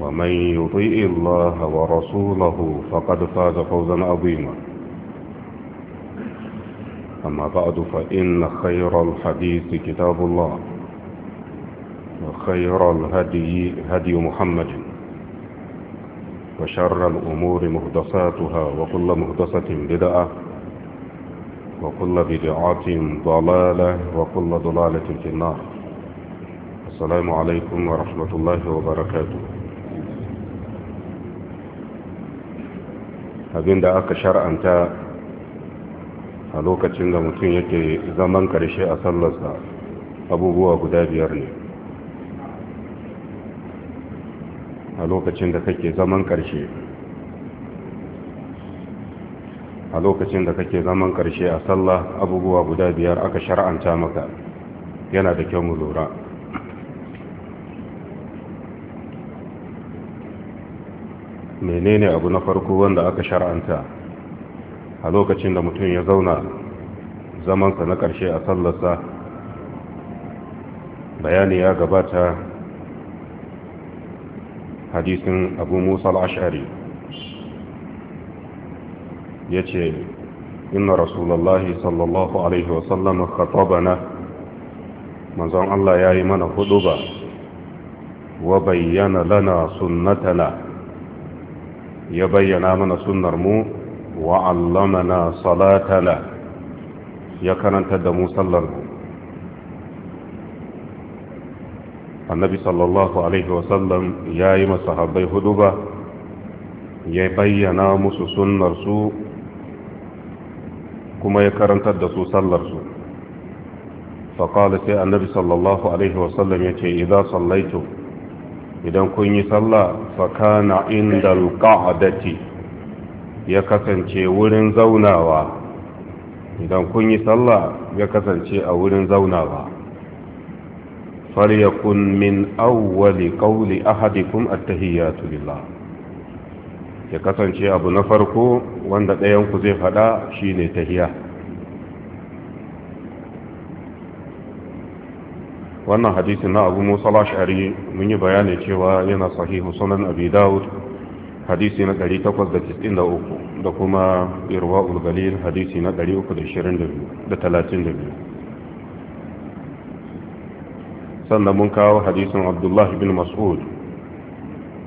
ومن يطيء الله ورسوله فقد فاز فوزا عظيما أما بعد فإن خير الحديث كتاب الله وخير الهدي هدي محمد وشر الأمور مهدساتها وكل مهدسة بدعة وكل بدعة ضلالة وكل ضلالة في النار السلام عليكم ورحمة الله وبركاته Abin da aka shar'anta a lokacin da mutum yake zaman karshe a sallarsa abubuwa guda biyar ne a lokacin da kake zaman karshe a lokacin da kake zaman karshe a sallah abubuwa guda biyar aka shar'anta maka yana da kyau mu lura menene abu na farko wanda aka shar'anta a lokacin da mutum ya zauna zamansa na ƙarshe a sallarsa bayani ya gabata hadisin abu musa al'ashari ya ce inna rasulallahi sallallahu alaihi wasallam khatabana manzon Allah ya yi mana hudu ba wa bayyana lana sunnatana ya bayyana mana sunnar mu wa allamana salatana ya karanta da mu sallar mu annabi sallallahu alaihi wasallam ya yi masahabbai hudu ba ya bayyana musu sunnar su kuma ya karantar da su sallar su faƙalata annabi sallallahu alaihi wasallam ya ce idan sallaitu idan kun yi sallah fakana inda alƙa'adati ya kasance wurin zaunawa idan kun yi sallah ya kasance a wurin zaunawa faryakun min awwali qawli ahadikum at-tahiyatu lillah ya kasance abu na farko wanda ɗayanku zai faɗa shine tahiyya wannan hadisin na abu musa lashari mun yi bayani cewa yana sahihu sunan abi daud hadisi na 893 da kuma irwa ulgalil hadisi na 332 sannan mun kawo hadisin abdullahi bin mas'ud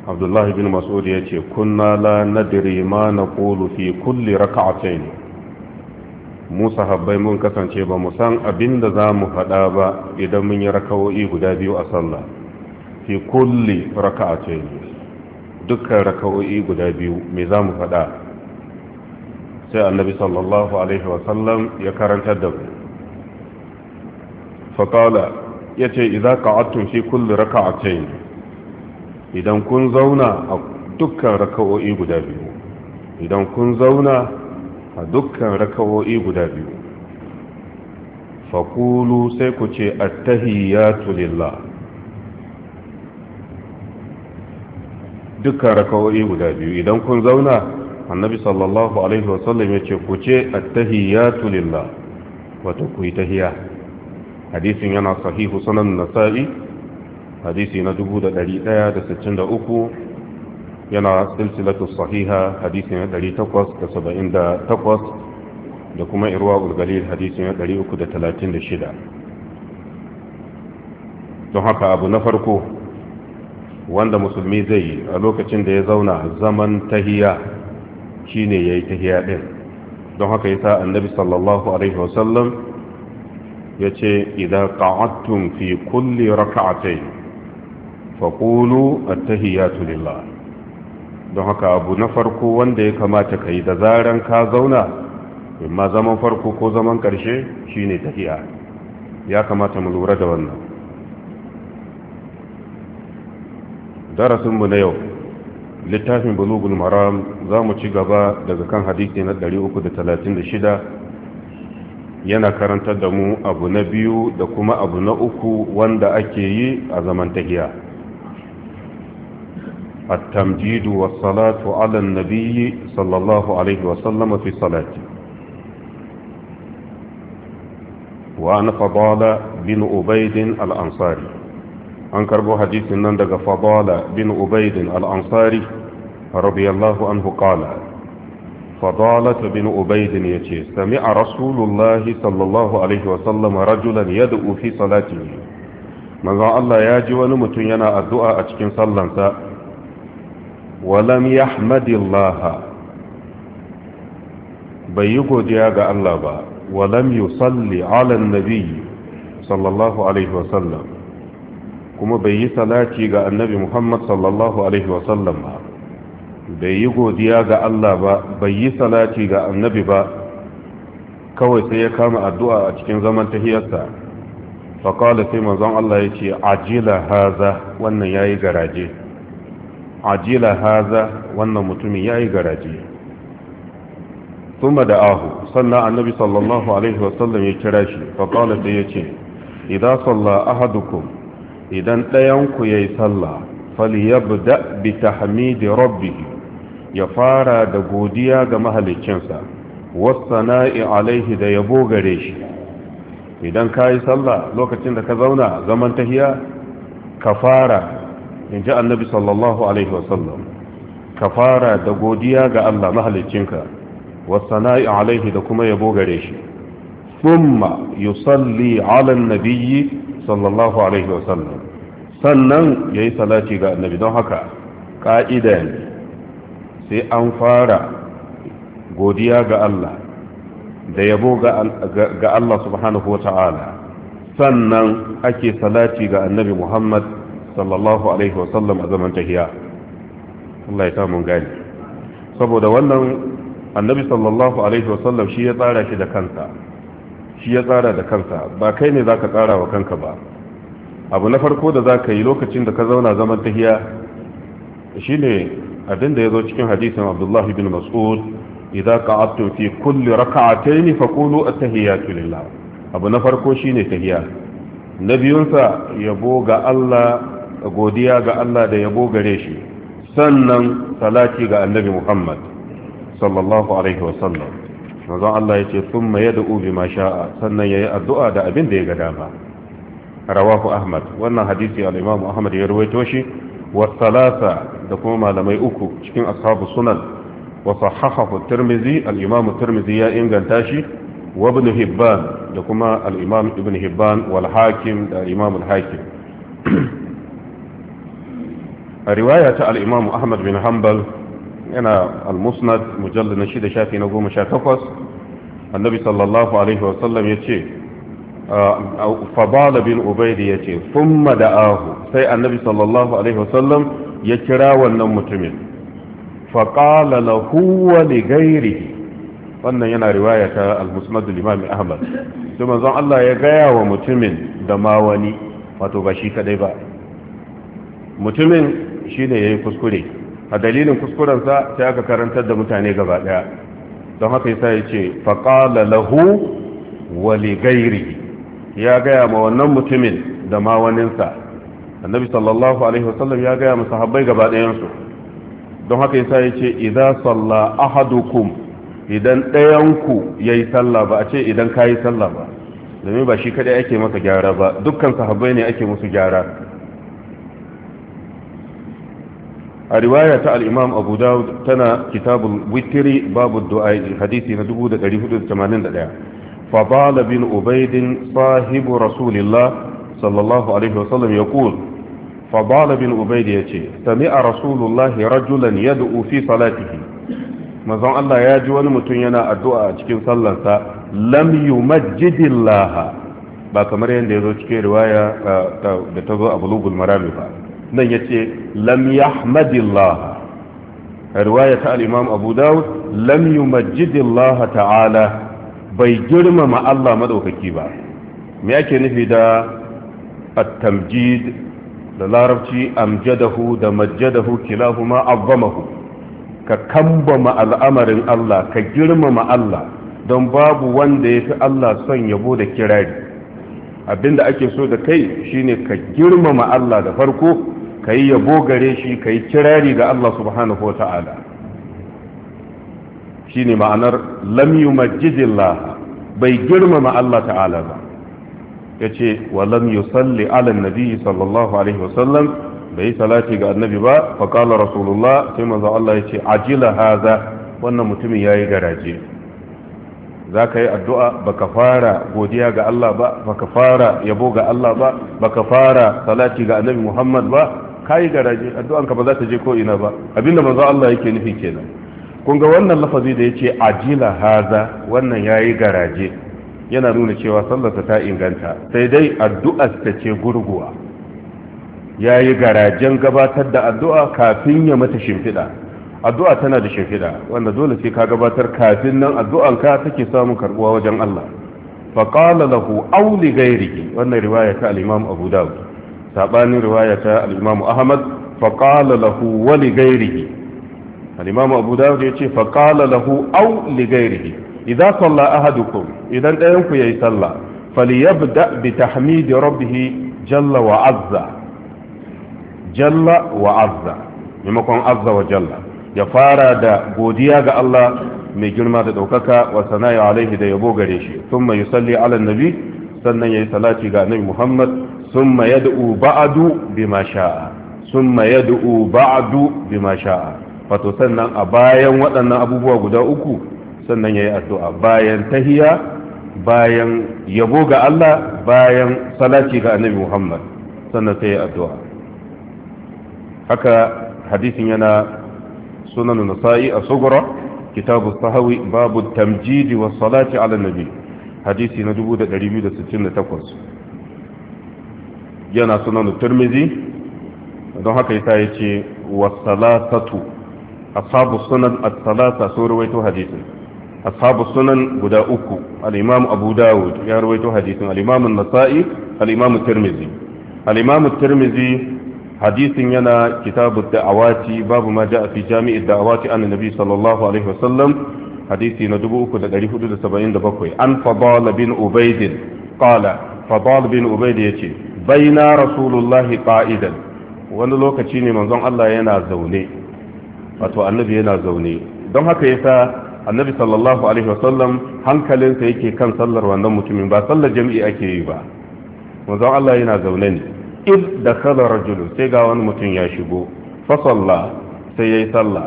abdullahi bin mas'ud ya ce kunna la nadiri ma na fi kulli raka'atain mu sahabbai mun kasance ba mu san abin da za mu faɗa ba idan mun yi rakawo'i guda biyu a sallah fi kulli raka'a ce dukkan rakawo'i guda biyu me za mu faɗa sai annabi sallallahu alaihi wasallam ya karantar da mu faƙala ya ce iza ka'attun fi kulli raka'a ce idan kun zauna a dukkan raka'o'i guda biyu idan kun zauna a dukkan rakawo'i guda biyu faƙulu sai ku ce attahiyatu lillah dukkan rakawo'i guda biyu idan kun zauna annabi sallallahu alaihi wasallam ya ce ku ce attahiyatu lillah wato ku yi tahiya hadisin yana sahihu sanan nasa'i hadisi na 1163 yana silsilatu sahiha hadisi na 878 da kuma irwa ulgalil hadisi na 336 don haka abu na farko wanda musulmi zai yi a lokacin da ya zauna zaman tahiya shine ya yi tahiya ɗin don haka ya sa annabi sallallahu alaihi wasallam ya ce idan ƙa'attun fi kulli raka'atai faƙulu a tahiya lillah don haka abu na farko wanda ya kamata ka yi da zaren ka zauna imma zaman farko ko zaman ƙarshe shine tafiya ya kamata mu lura da wannan darasinmu na yau littafin bulugul maram za mu ci gaba daga kan hadisi na 336 yana karantar da mu abu na biyu da kuma abu na uku wanda ake yi a zaman التمجيد والصلاة على النبي صلى الله عليه وسلم في صلاته وعن فضالة بن أبيد الأنصاري أنكر به حديث نندق فضالة بن أبيد الأنصاري رضي الله عنه قال فضالة بن أبيد يتي سمع رسول الله صلى الله عليه وسلم رجلا يدعو في صلاته ماذا الله ياجي ونمت ينا الدعاء أتكين صلى الله walam yahmadillaha bai yi godiya ga Allah ba walam yusalli ala nabi sallallahu alaihi wasallam kuma bai yi salati ga annabi Muhammad sallallahu alaihi wasallam ba bai yi godiya ga Allah ba bai yi salati ga annabi ba kawai sai ya kama addu'a a cikin zaman tahiyarsa faƙala sai manzon Allah ya ce ajila haza wannan ya yi garaje ajila haza wannan mutumin ya yi garaji kuma da ahu sannan annabi sallallahu alaihi wasallam ya kira shi faƙalar da ya ce idan salla ahadukum idan ɗayanku ya yi salla faliyabda bi tahmidi rabbihi ya fara da godiya ga mahalicinsa wasana'i alaihi da yabo gare shi idan ka yi salla lokacin da ka zauna zaman tahiya ka fara in ji annabi sallallahu alaihi wasallam ka fara da godiya ga Allah mahalicinka wasana'i alaihi da kuma yabo gare shi summa yusalli ala nabiyyi sallallahu alaihi wasallam sannan yayi salati ga annabi don haka ƙa'ida ne sai an fara godiya ga Allah da yabo ga Allah subhanahu wa ta'ala sannan ake salati ga annabi Muhammad sallallahu alaihi wasallam a zaman tahiya Allah ya samu gani saboda wannan annabi sallallahu alaihi wasallam shi ya tsara shi da kansa shi ya tsara da kansa ba kai ne zaka tsara wa kanka ba abu na farko da zaka yi lokacin da ka zauna zaman tahiya shine abin da yazo cikin hadisin Abdullah ibn Mas'ud ka qa'adtum fi kulli rak'atayn faqulu at-tahiyatu lillah abu na farko shine tahiya na biyunsa yabo ga Allah godiya ga Allah da yabo gare shi sannan salati ga annabi Muhammad sallallahu alaihi sallam manzon Allah yace thumma yad'u bima sha'a sannan yayi addu'a da abin da ya ga dama rawahu Ahmad wannan hadisi al-Imam Ahmad ya rawaito shi wa salasa da kuma malamai uku cikin ashabu sunan wa sahahahu Tirmidhi al-Imam Tirmidhi ya inganta shi wa Ibn Hibban da kuma al-Imam Ibn Hibban wal Hakim da Imam al-Hakim a riwaya ta al'imamu ahmad bin hanbal yana al-musnad mujallar na shida shafi na goma sha takwas annabi sallallahu alaihi wasallam ya ce fabala bin ubaidi ya ce summa da'ahu sai annabi sallallahu alaihi wasallam ya kira wannan mutumin faƙala na huwa ne gairi. wannan yana riwaya ta al-musnad al-imam ahmad sai manzon Allah ya gaya wa mutumin da ma wani wato ba shi kadai ba mutumin shine yayi kuskure a dalilin kuskurensa sai aka karantar da mutane gaba daya don haka yasa yace faqala lahu wa li ya gaya ma wannan mutumin da ma waninsa annabi sallallahu alaihi wasallam ya gaya ma sahabbai gaba dayansu don haka yasa yace idza salla ahadukum idan ya yayi sallah ba a ce idan kayi sallah ba domin ba shi kaɗai ake masa gyara ba dukkan sahabbai ne ake musu gyara a riwaya ta al abu dawud tana kitabul witri babu du'a'i hadisi na 1481 fadala bin ubaid sahibu rasulillah sallallahu alaihi wasallam yaqul fadala bin ubaid yace sami'a rasulullah rajulan yad'u fi salatihi mazan Allah ya ji wani mutum yana addu'a a cikin sallarsa lam yumajjidillah ba kamar yadda ya zo cikin riwaya eh, da ta zo a bulugul marami ba nan ya ce lam yahmadillah riwaya ta Alimam abu dawud lam Majidillah ta'ala bai girmama Allah maɗaukaki ba me ake nufi da at-tamjid da larabci amjadahu da majjadahu kilahuma azzamahu ka kambama al'amarin Allah ka girmama Allah don babu wanda ya fi Allah son yabo da kirari abinda ake so da kai shine ka girmama Allah da farko ka yi yabo gare shi ka yi kirari ga Allah subhanahu wa ta'ala shi ne ma'anar lam yi bai girmama Allah ta'ala ba ya ce wa lam salli ala nabi sallallahu alaihi wasallam bai yi salati ga annabi ba faƙala rasulullah sai manzo Allah ya ce ajila haza wannan mutumin ya yi garaje za ka yi addu'a baka fara godiya ga Allah ba ka fara yabo ga Allah ba ka fara salati ga annabi Muhammad ba kayi garaje addu'an ka ba za ta je ko ina ba abinda manzo Allah yake nufi kenan kun ga wannan lafazi da yace ajila haza wannan yayi garaje yana nuna cewa sallarsa ta inganta sai dai addu'ar ta ce gurguwa yayi garajen gabatar da addu'a kafin ya mata shimfiɗa addu'a tana da shimfida wanda dole sai ka gabatar kafin nan addu'an ka take samun karbuwa wajen Allah faqala lahu awli wannan riwaya ta al-Imam Abu Dawud sabanin riwaya ta al-Imam Ahmad fa qala lahu wa li ghairihi al-Imam Abu Dawud yace fa qala lahu aw li ghairihi idza salla ahadukum idan dayan ku yayi sallah falyabda bi tahmidi rabbih jalla wa azza jalla wa azza maimakon azza wa jalla ya fara da godiya ga Allah mai girma da ɗaukaka wa sana'a da yabo gare shi sun mai salli ala nabi sannan ya yi salati ga annabi muhammad summa yad'u ba'du bima sha'a summa yad'u ba'du bima sha'a wato sannan a bayan waɗannan abubuwa guda uku sannan yayi addu'a bayan tahiya bayan yabo ga Allah bayan salati ga annabi Muhammad sannan sai addu'a haka hadisin yana sunan nasa'i a sugura kitabu sahawi babu tamjidi wa salati ala nabi hadisi na 2268 yana sunan turmizi don haka yasa ya ce wasalatatu ashabu sunan as-salasa sun rawaito hadisin ashabu sunan guda uku al abu dawud ya rawaito hadisin al nasai al turmizi tirmizi turmizi imam hadisin yana kitabu da'awati babu ma a fi jami'i da'awati an nabi sallallahu alaihi wasallam hadisi na 3477 an fadal bin ubayd qala fadal bin ya ce. baina rasulullahi qa'idan wani lokaci ne manzon Allah yana zaune wato annabi yana zaune don haka yasa annabi sallallahu alaihi wasallam hankalinsa yake kan sallar wannan mutumin ba sallar jami'i ake yi ba manzon Allah yana zaune ne id dakhala rajul sai ga wani mutum ya shigo fa salla sai yayi sallah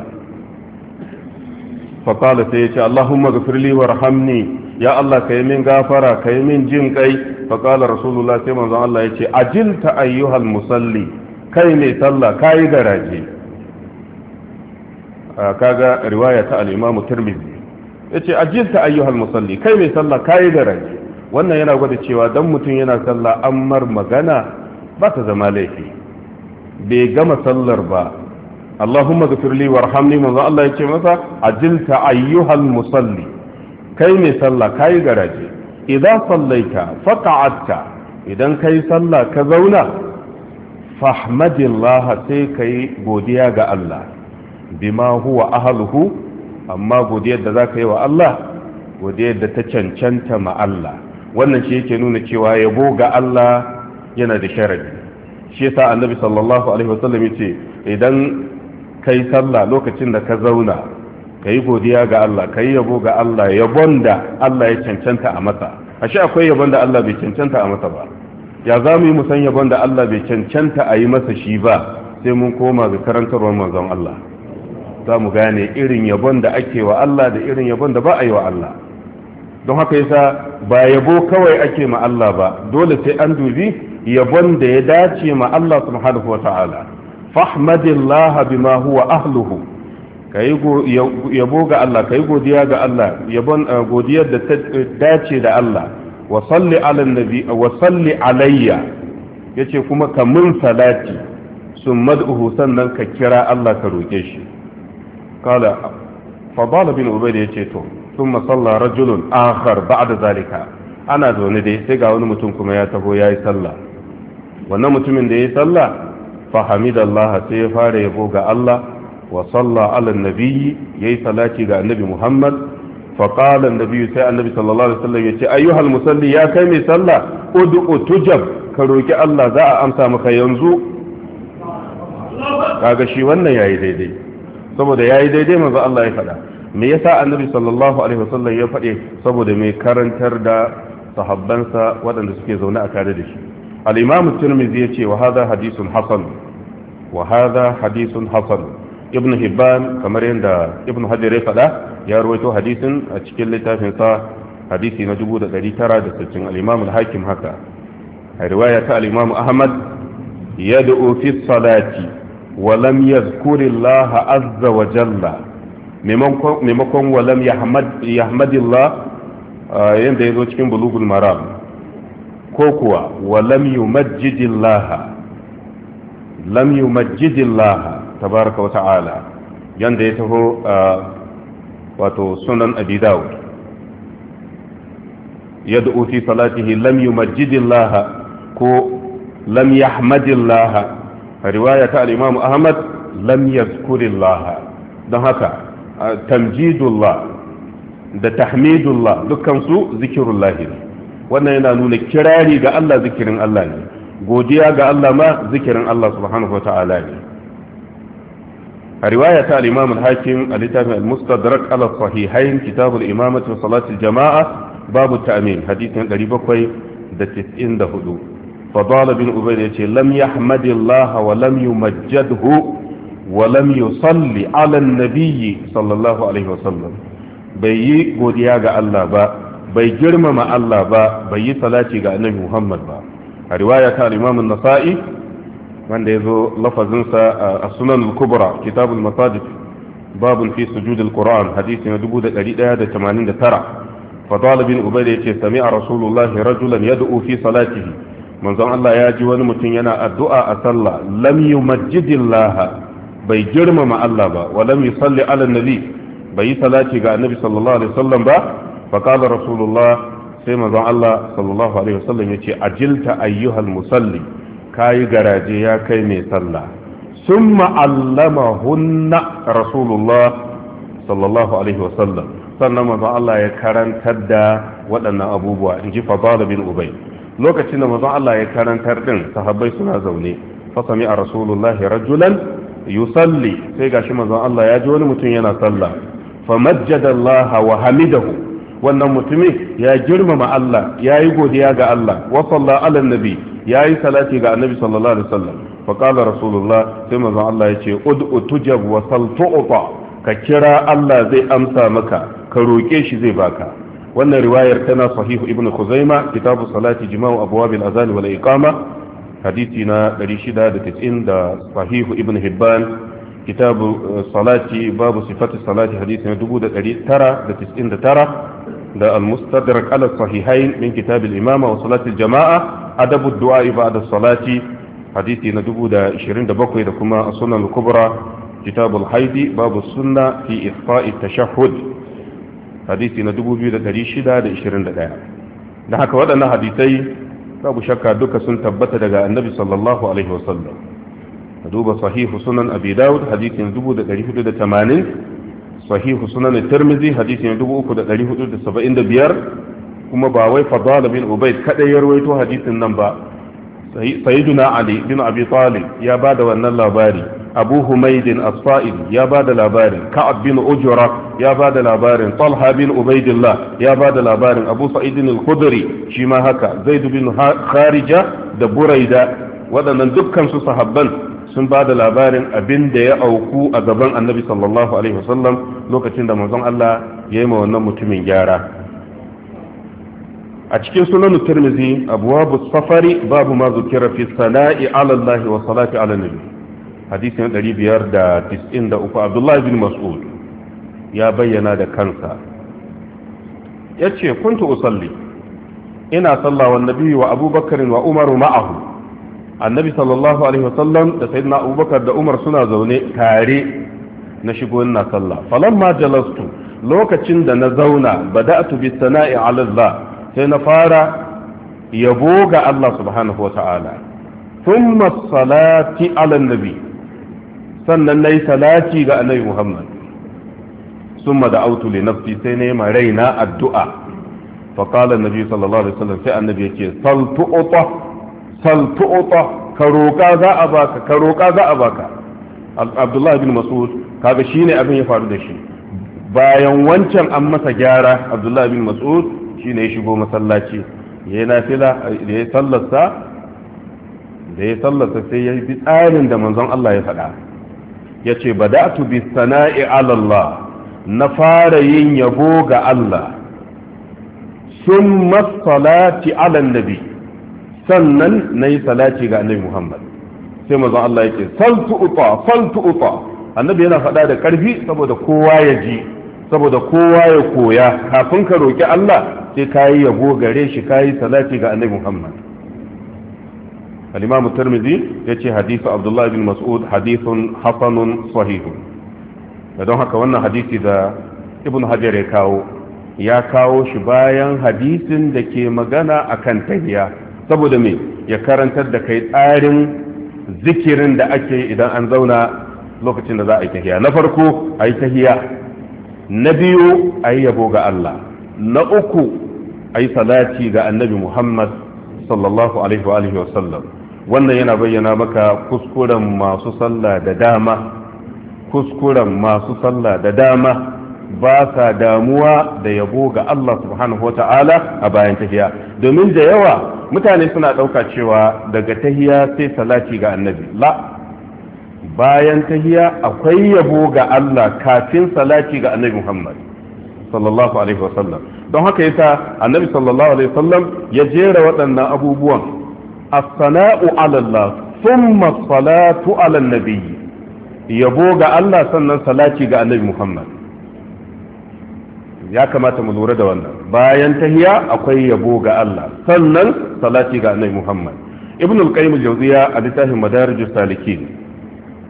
fa qala sai ya ce allahumma ghfirli warhamni ya Allah kai min gafara kai min jin kai faƙalar rasulullah sai manzon Allah ya ce ajilta ayyuhal musalli kai ne sallah kayi garaje ah, kaga riwaya ta al-imamu tirmidhi yace ajilta ayyuhal musalli kai ne sallah kayi garaje wannan yana gwada cewa don mutum yana sallah ammar magana ba ta zama laifi bai gama sallar ba Allahumma ghfirli warhamni manzo Allah ya ce masa ajilta ayyuhal musalli kai ne sallah kayi garaje idan sallaita faqa'atta idan kai sallah ka zauna fahmadillaha sai kai godiya ga Allah bima huwa ahluhu amma godiyar da zaka yi wa Allah godiyar da ta cancanta ma Allah wannan shi yake nuna cewa yabo ga Allah yana da sharadi shi yasa annabi sallallahu alaihi wasallam yace idan kai sallah lokacin da ka zauna ka yi godiya ga Allah ka yi yabo ga Allah yabon da Allah ya cancanta a masa ashe akwai yabon da Allah bai cancanta a masa ba ya za mu yi musan yabon da Allah bai cancanta a yi masa shi ba sai mun koma ga karantarwa manzon Allah za mu gane irin yabon da ake wa Allah da irin yabon da ba a yi wa Allah don haka yasa ba yabo kawai ake ma Allah ba dole sai an dubi yabon da ya dace ma Allah subhanahu wa ta'ala bima huwa ahluhu yabo ga Allah kai godiya ga Allah yabon eh, godiyar da ta dace da Allah wa salli ala nabi wa salli alayya yace kuma ka mun salati sun mad'uhu sannan ka kira Allah ka roke shi kala Bala bin ubayd yace to thumma salla rajulun akhar ba'da zalika ana zaune dai sai ga wani mutum kuma ya taho yi sallah wannan mutumin da ya yi sallah fa hamidallahi sai ya fara yabo ga Allah wa salla ala nabiyyi yayi salati ga annabi Muhammad fa qala annabi sai annabi sallallahu alaihi ayyuhal musalli ya kai mai sallah ud'u tujab ka roki Allah za a amsa maka yanzu kaga shi wannan yayi daidai saboda yayi daidai manzo Allah ya faɗa me yasa annabi ya faɗe saboda mai karantar da sahabansa waɗanda suke zaune a kare da shi al-imam at-tirmidhi yace wa hadha hadithun ibn hibban kamar yadda ibn hajar faɗa ya rawaito hadisin a cikin littafinsa hadisi na 1960 al-imam al-hakim haka a riwaya ta al-imam ahmad yad'u fi salati wa lam yadhkuri Allah azza wa jalla maimakon wa lam yahmad yadda yanda yazo cikin bulugul maram ko kuwa wa lam yumajjidillah lam yumajjidillah tabaraka wa ta'ala yanda ya taho wato sunan abi dawud yad'u fi salatihi lam yumajjidillah ko lam yahmadillah riwaya ta al ahmad lam don haka tamjidullah da tahmidullah dukansu su zikirullah ne wannan yana nuna kirari ga Allah zikirin Allah ne godiya ga Allah ma zikirin Allah subhanahu wa ta'ala ne a riwaya ta al-imam al-hakim a littafin al-mustadrak ala sahihain kitabul imamati wa jama'a babu ta'min hadisin 794 fadala bin ubayd yace lam yahmadillah wa lam yumajjadhu wa lam yusalli ala an-nabiy sallallahu alaihi wa sallam bai yi godiya ga Allah ba bai girmama Allah ba bai yi salati ga annabi Muhammad ba a riwaya ta al-imam an-nasa'i wanda ya zo lafazinsa a sunan kubra kitabul masajid babun fi al qur'an hadisi na 1189 fadal bin ubayd yace sami'a rasulullahi rajulan yad'u fi salatihi manzon Allah ya ji wani mutum yana addu'a a sallah lam yumajjidillah bai girmama Allah ba wa lam yusalli ala nabi bai yi salati ga annabi sallallahu alaihi wasallam ba fa qala rasulullah sai manzon Allah sallallahu alaihi wasallam yace ajilta ayyuhal musalli kayi garaje ya kai mai sallah sun ma'allama hunna rasulullah sallallahu alaihi wasallam sannan mazan Allah ya karantar da waɗannan abubuwa in ji fadala bin ubai lokacin da mazan Allah ya karantar din sahabbai suna zaune fasami a rasulullah rajulan yusalli sai gashi mazan Allah ya ji wani mutum yana sallah famajjada Allah wa hamidahu wannan mutumin ya girmama Allah ya yi godiya ga Allah wa salla ala nabi ya yi salati ga annabi sallallahu alaihi wasallam fa qala rasulullah sai manzon Allah ya ce ud'u tujab wa sal tu'ta ka kira Allah zai amsa maka ka roke shi zai baka wannan riwayar tana sahihu ibnu khuzaima kitabu salati jima'u abwabil azan wal iqama hadisi na 690 da sahihu ibnu hibban kitabu eh, salati babu sifatu salati hadisi na 1999 da al-mustadrak ala sahihain min kitab al-imama wa salati jamaa adabu du'a ba'da salati hadisi na 2027 da kuma sunan al-kubra kitab al babu sunna fi ihfa'i tashahhud hadisi na 2621 da haka waɗannan hadisai babu shakka duka sun tabbata daga annabi sallallahu alaihi wasallam duba sahihu sunan abi dawud hadisin 1480 sahihu sunan tirmizi hadisi ne 3475 kuma ba wai fadala bin ubayd kada ya rawaito hadisin nan ba sayyiduna ali bin abi talib ya bada wannan labari abu humaydin asfa'il ya bada labarin ka'ab bin ujra ya bada labarin talha bin ubaydillah ya bada labarin abu sa'id al shi ma haka zaid bin kharija da buraida waɗannan dukkan su sahabban sun ba da labarin abin da ya auku a gaban annabi sallallahu alaihi wasallam lokacin da manzon Allah ya yi ma wannan mutumin gyara a cikin sunan tirmizi abuwabu safari babu ma zukira fi sana'i ala Allah wa salati ala nabi hadisi na 593 Abdullahi bin Mas'ud ya bayyana da kansa Ya yace kuntu usalli ina sallawa nabi wa abubakar wa umaru ma'ahu annabi sallallahu alaihi wasallam da sayyidina abubakar da umar suna zaune tare na shigo ina sallah falon ma jalastu lokacin da na zauna ba bada'tu bi sana'i ala Allah sai na fara yabo ga Allah subhanahu wa ta'ala thumma salati ala nabi sannan nayi salati ga annabi Muhammad da autu li nafsi sai na yi ma raina addu'a fa nabi sallallahu alaihi wasallam sai annabi ya yake sal tu'ta faltu'ta ka roƙa za a baka ka roƙa za a baka abdullahi bin mas'ud kaga shine abin ya faru da shi bayan wancan an masa gyara abdullahi bin mas'ud shine ya shigo masallaci yayi nafila da ya sallarsa da ya sallarsa sai ya bi tsarin da manzon Allah ya faɗa yace bada'tu bi sana'i ala Allah na fara yin yabo ga Allah sun masalati ala nabi sannan na yi salati ga annabi muhammad sai mazan allah yake saltu ufa saltu ufa annabi yana faɗa da ƙarfi saboda kowa ya ji saboda kowa ya koya kafin ka roƙi allah sai ka yi yabo gare shi ka yi salati ga annabi muhammad al-imam tirmidhi yace hadisi abdullahi bin mas'ud hadithun hasanun da don haka wannan hadisi da ibn hajar ya kawo ya kawo shi bayan hadisin da ke magana akan tahiya saboda mai ya karantar da kai tsarin zikirin da ake idan an zauna lokacin da za a yi tahiya na farko a yi tahiya na biyu a yi yabo ga Allah na uku a yi salati ga annabi Muhammad sallallahu alaihi wa alihi wasallam wannan yana bayyana maka kuskuren masu sallah da dama kuskuren masu sallah da dama ba sa damuwa da yabo ga Allah subhanahu wa ta'ala a bayan tahiya domin da yawa mutane suna ɗauka cewa daga tahiya sai salati ga annabi la bayan tahiya akwai yabo ga Allah kafin salati ga annabi Muhammad sallallahu alaihi wasallam don haka yasa annabi sallallahu alaihi wasallam ya jera waɗannan abubuwan as-sana'u ala Allah thumma as-salatu ala an-nabi yabo ga Allah sannan salati ga annabi Muhammad ya kamata mu lura da wannan bayan tahiya akwai yabo ga Allah sannan salati ga annabi Muhammad ibn al-qayyim al-jawziya a littafin madarijus salikin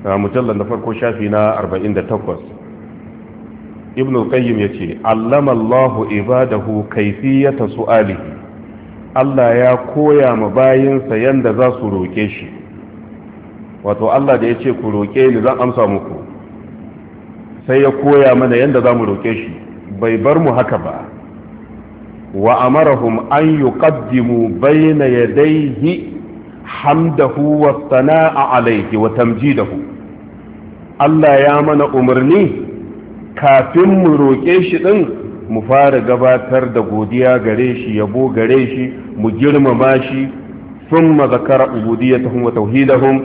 mujallal na farko shafi na 48 ibn al-qayyim yace allama Allahu ibadahu kayfiyata su'alihi Allah ya koya ma bayinsa yanda za su roke shi wato Allah da ce ku roke ni zan amsa muku sai ya koya mana yanda za mu roke shi bai bar mu haka ba wa amarahum an yuqaddimu bayna yadayhi hamdahu wa sana'a alayhi wa tamjidahu Allah ya mana umarni kafin mu roƙe shi ɗin, mu fara gabatar da godiya gare shi yabo gare shi mu girmama shi thumma zakara ubudiyatahum wa tauhidahum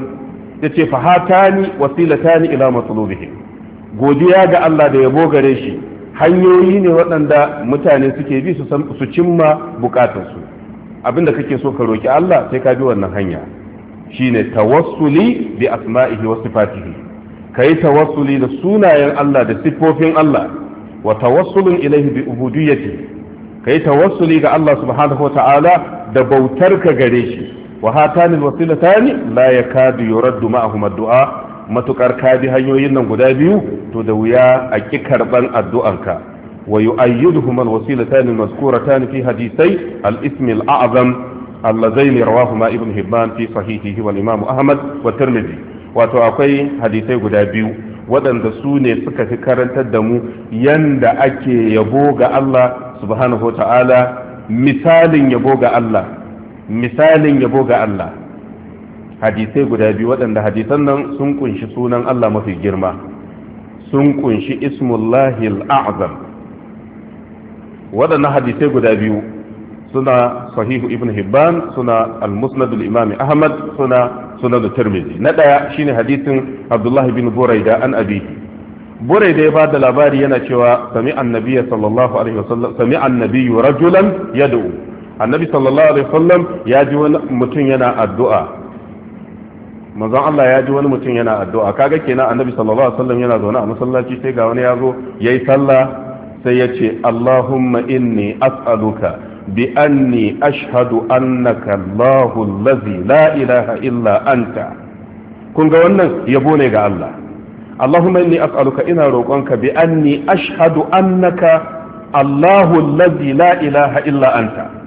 yace fa hatani wasilatani ila matlubihim godiya ga Allah da yabo gare shi hanyoyi ne waɗanda mutane suke bi su cimma bukatarsu abinda kake so ka roki Allah sai ka bi wannan hanya shine tawassuli bi asma'ihi wa sifatihi kai tawassuli da sunayen Allah da siffofin Allah wa tawassulun ilaihi bi ubudiyyati kai tawassuli ga Allah subhanahu wa ta'ala da bautar ka gare shi wa hatani wasilatani la yakadu yuraddu ma'ahuma du'a matukar ka bi hanyoyin nan guda biyu to da wuya a ki karɓar addu'anka wa yu'ayyiduhu man maskura mazkuratan fi hadisai al allah zai azam rawa kuma ibn hibban fi sahihihi wal imam ahmad wa tirmidhi wato akwai hadisai guda biyu waɗanda su ne suka fi karantar da mu yanda ake yabo ga Allah subhanahu wa ta'ala misalin yabo ga Allah misalin yabo ga Allah hadisai guda biyu waɗanda hadisan nan sun kunshi sunan Allah mafi girma sun kunshi ismullahi al'azam waɗanda hadisai guda biyu suna sahihu ibn hibban suna al-musnad al ahmad suna sunan tirmidhi na daya shine hadisin abdullah bin buraida an abi buraida ya bada labari yana cewa sami annabi sallallahu alaihi wasallam sami annabi rajulan yad'u annabi sallallahu alaihi wasallam ya ji wani mutum yana addu'a manzon Allah ya ji wani mutum yana addu'a kaga kenan annabi sallallahu alaihi wasallam yana zaune a masallaci sai ga wani ya zo yayi sallah sai ya ce Allahumma inni as'aluka bi anni ashhadu annaka Allahu allazi la ilaha illa anta kun ga wannan yabo ne ga Allah Allahumma inni as'aluka ina roƙonka bi anni ashhadu annaka Allahu allazi la ilaha illa anta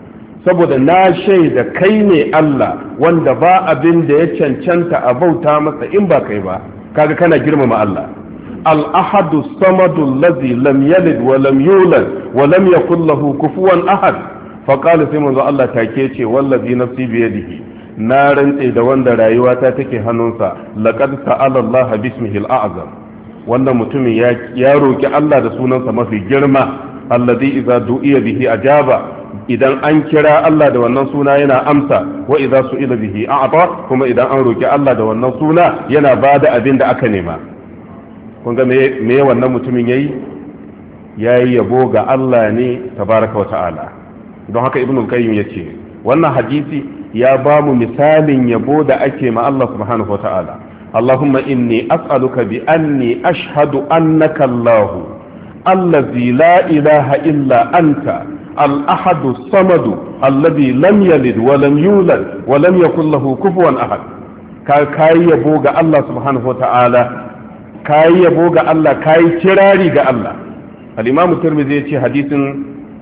saboda na shaida kai ne Allah wanda ba abin da ya cancanta a bauta masa in ba kai ba kaga kana girmama Allah al-ahadu samadu allazi lam yalid wa lam yulad wa lam yakul lahu kufuwan ahad fa qala sai manzo Allah take ce wallazi nafsi bi yadihi na rantse da wanda rayuwata take hannunsa laqad ta'ala Allah bismihi al-a'zam wannan mutumin ya roki Allah da sunansa mafi girma allazi idza du'iya bihi ajaba idan an kira Allah da wannan suna yana amsa wa idza su'ila bihi a'ta kuma idan an roki Allah da wannan suna yana bada abin da aka nema kun ga me wannan mutumin yayi yayi yabo ga Allah ne tabaraka wa ta'ala don haka ibnu qayyim yace wannan hadisi ya ba mu misalin yabo da ake ma Allah subhanahu wa ta'ala اللهم إني أسألك بأني أشهد أنك الله الذي لا إله إلا أنت الأحد الصمد الذي لم يلد ولم يولد ولم يكن له كفوا أحد كاي يبوغ الله سبحانه وتعالى كاي يبوغ الله كاي كراري الله الإمام الترمذي يتي حديث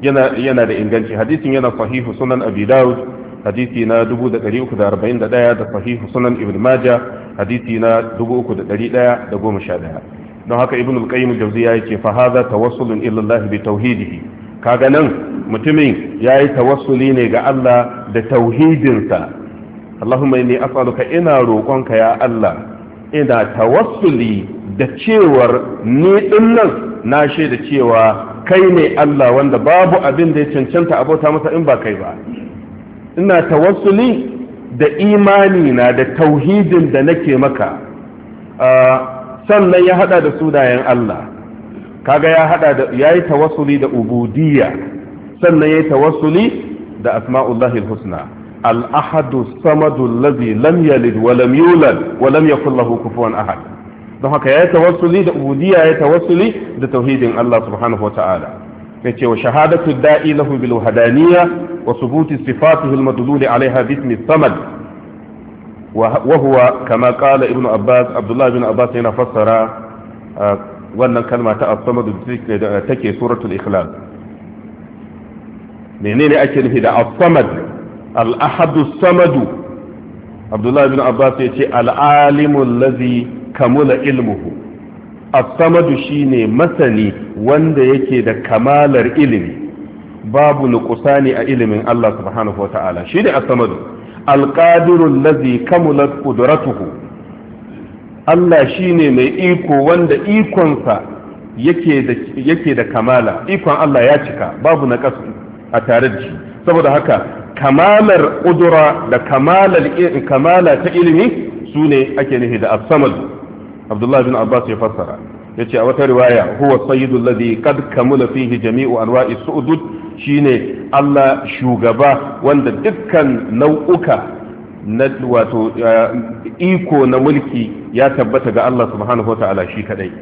yana yana da inganci hadisin yana sahihu sunan abi daud na 1341 da sahihu sunan ibn majah hadisi na 3111 don haka ibn al-qayyim jawziya yake fa hadha tawassulun ila allah bi tauhidihi kaga nan mutumin ya yi tawassuli ne ga Allah da tauhidinsa Allahumma inni as'aluka ina roƙonka ya Allah ina tawassuli da cewar ni dinnan na da cewa kai ne Allah wanda babu abin da ya cancanta abota masa in ba kai ba ina tawassuli da imani na da tauhidin da nake maka ah, sannan ya hada da sunayen Allah kaga ya hada da yi tawassuli da ubudiyya sannan yi tawassuli da asma'ullahi al-husna al ahadu as-samad lam yalid wa lam yulad wa lam yakul lahu kufuwan ahad don haka yayi tawassuli da ubudiyya yi tawassuli da tauhidin Allah subhanahu wa ta'ala yace wa shahadatu da'i lahu bil wahdaniyya wa subuti sifatihi al-madlul 'alayha bi ismi samad wa huwa kama ابن عباس عبد الله بن عباس هنا fassara. wannan kalma ta as-samadu take suratul ikhlas menene ake nufi da as al-ahadu samadu abdullahi bin abbas ya ce al-alimu allazi kamula ilmuhu as-samadu shine masani wanda yake da kamalar ilimi babu nuqsani a ilimin Allah subhanahu wa ta'ala shine as-samadu al-qadiru allazi kamulat qudratuhu Allah shine mai iko wanda ikonsa yake da kamala ikon Allah ya cika babu na a tare da shi saboda haka kamalar ƙudura da kamala ta ilimi su ne ake nufi da absamal abdullahi bin abbas ya fassara ya ce a wata riwaya huwa sayyidul ladhi qad kamula fihi jami'u anwa'i su'udud shine Allah shugaba wanda dukkan nau'uka na wato iko na mulki ya tabbata ga Allah subhanahu wata'ala shi kadai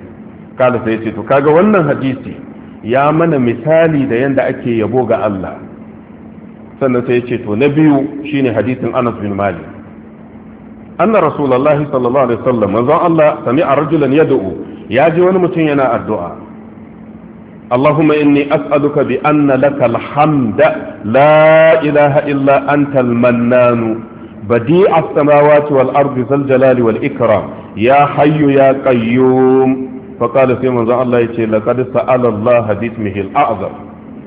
kala sai ce to kaga wannan hadisi ya mana misali da yanda ake yabo ga Allah sannan sai ce na biyu shine hadisin Anas bin Malik anna rasulullahi sallallahu alaihi wasallam manzo Allah sami'a rajulan yad'u ya ji wani mutum yana addu'a اللهم إني أسألك بأن لك الحمد لا إله إلا أنت المنان بديع السماوات والأرض ذا الجلال والإكرام يا حي يا قيوم فقال في من الله يتي لقد سأل الله باسمه الأعظم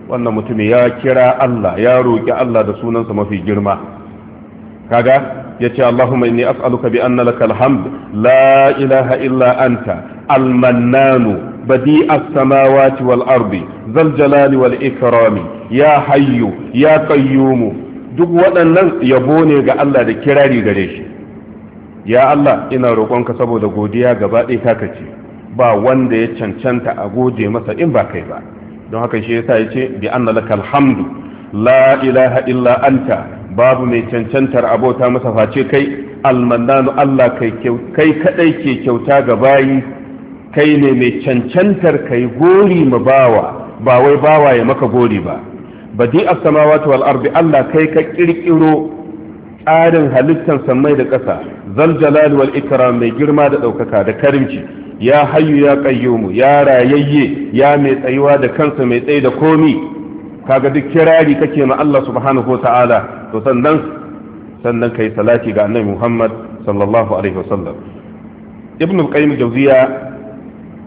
وأن متم يا كرا الله يا روك الله دسونا سما في جرما كذا يتي اللهم إني أسألك بأن لك الحمد لا إله إلا أنت المنان بديع السماوات والأرض ذا الجلال والإكرام يا حي يا قيوم duk waɗannan yabo ne ga Allah da kirari gare shi ya Allah ina roƙonka saboda godiya gaba ɗaya taka ce ba wanda ya cancanta a gode masa in ba kai ba don haka shi yasa ya ce bi anna laka alhamdu la ilaha illa anta babu mai cancantar abota masa face kai almannanu Allah kai kai kadai ke kyauta ga bayi kai ne mai cancantar kai gori ma bawa ba wai bawa ya maka gori ba badi as samawati wal ardi Allah kai ka kirkiro tsarin halittar samai da ƙasa zal jalal wal ikram mai girma da ɗaukaka da karimci ya hayyu ya qayyumu ya rayayye ya mai tsayuwa da kansa mai tsaye da komi kaga duk kirari kake ma Allah subhanahu wata'ala to sannan sannan kai salati ga annabi Muhammad sallallahu alaihi wasallam ibn qayyim jawziya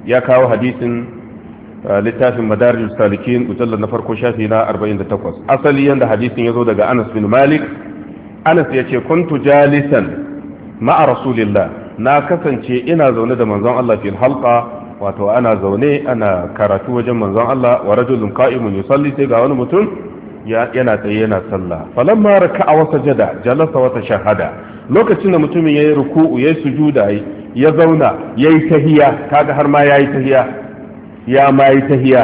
ya kawo hadisin littafin madarijus salikin mujallar na farko shafi na 48 asali yadda hadisin ya zo daga anas bin malik anas ya ce kuntu jalisan ma'a rasulillah na kasance ina zaune da manzon Allah fil halka. wato ana zaune ana karatu wajen manzon Allah wa rajulun qa'imun yusalli sai ga wani mutum yana tsaye yana sallah falamma raka'a wa sajada jalasa wa shahada. lokacin da mutumin yayi ruku'u yayi sujuda ya zauna yayi tahiya kaga har ma yayi tahiya ya ma yi tahiya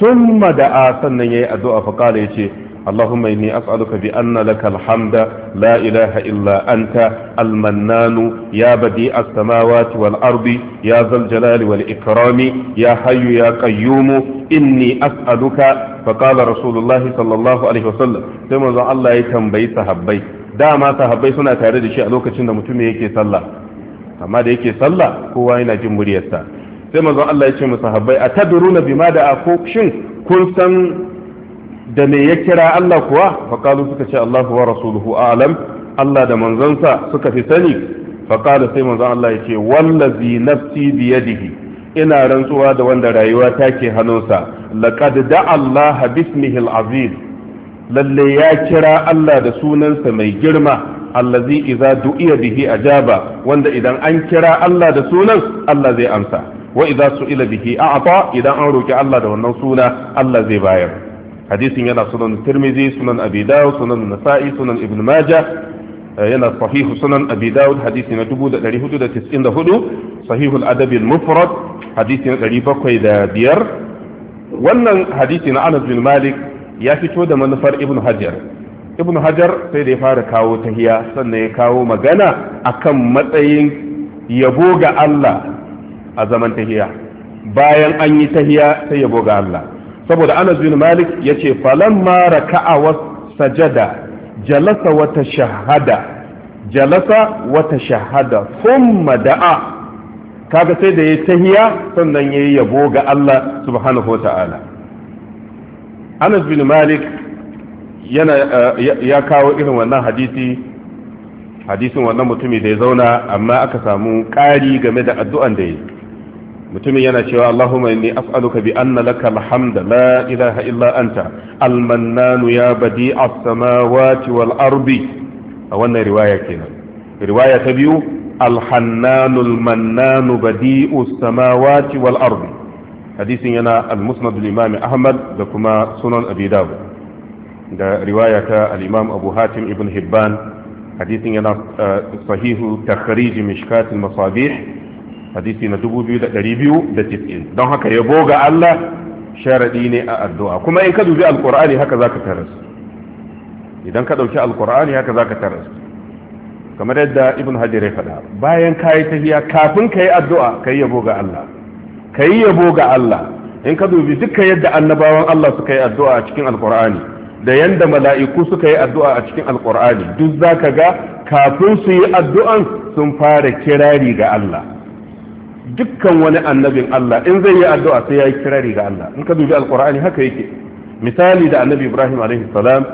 sun da'a sannan ya yi addu'a faƙala ya ce اللهم إني أسألك بأن لك الحمد لا إله إلا أنت المنان يا بديع السماوات والأرض يا ذا الجلال والإكرام يا حي يا قيوم إني أسألك فقال رسول الله صلى الله عليه وسلم كما الله يتنبي صحبي داما صحبي سنة تارد شيء لوكا شنة متمي يكي صلى amma da yake sallah kowa yana jin muryarsa sai manzon Allah ya ce mu sahabbai atadruna bima da ako shin kun san da me ya kira Allah kuwa faqalu suka ce Allahu wa rasuluhu a'lam Allah da manzonsa suka fi sani faqala sai manzon Allah ya ce wallazi nafsi bi ina rantsuwa da wanda rayuwa ke hannunsa laqad da Allah bismihi al-azim lalle ya kira Allah da sunansa mai girma allazi idza du'iya bihi ajaba wanda idan an kira Allah da sunan Allah zai amsa wa idza su'ila bihi a'ta idan an roki Allah da wannan suna Allah zai bayar hadisin yana sunan Tirmidhi sunan Abi Dawud sunan Nasa'i sunan Ibn Majah eh, yana sahihu sunan Abi Dawud hadisi na 1494 sahihul adab al-mufrad hadisi na 705 wannan hadisi na Anas bin Malik ya fito da manufar Ibn Hajar ibn hajar sai da ya fara kawo tahiya sannan ya kawo magana akan matsayin yabo ga Allah a zaman tahiya bayan an yi tahiya sai ya boga Allah saboda Anas bin Malik yace falamma raka'a wa sajada jalasa wa tashahada jalasa wa tashahada thumma da'a kaga sai da yayi tahiya sannan yayi yabo ga Allah subhanahu wata'ala ta'ala Anas bin Malik yana ya kawo irin wannan hadisi hadisin wannan mutumi da ya zauna amma aka samu ƙari game da addu'an da ya mutumin yana cewa Allahumma inni as'aluka bi anna laka alhamda la ilaha illa anta almannanu ya badi as-samawati wal ardi a wannan riwaya kenan riwaya ta biyu alhannanu almannanu badi'u samawati wal ardi hadisin yana al-musnad al-imam ahmad da kuma sunan abi dawud da riwaya ta al-imam abu hatim ibn hibban hadisin yana eh, sahihu takhrij mishkat al-masabih hadisi na 2290 don haka yabo ga Allah sharadi ne a addu'a kuma in ka dubi alqur'ani haka zaka taras idan ka dauki alqur'ani haka zaka taras kamar yadda ibn hajar ya faɗa bayan ka yi tafiya kafin ka yi addu'a ka yi yabo ga Allah ka yi yabo ga Allah in ka dubi duka yadda annabawan Allah suka yi addu'a a cikin alqur'ani da yanda mala'iku suka yi addu'a a cikin alqur'ani duk zaka ga kafin su yi addu'an sun fara kirari ga Allah dukkan wani annabin Allah in zai yi addu'a sai yayi kirari ga Allah in ka dubi alqur'ani haka yake misali da annabi Ibrahim alaihi salam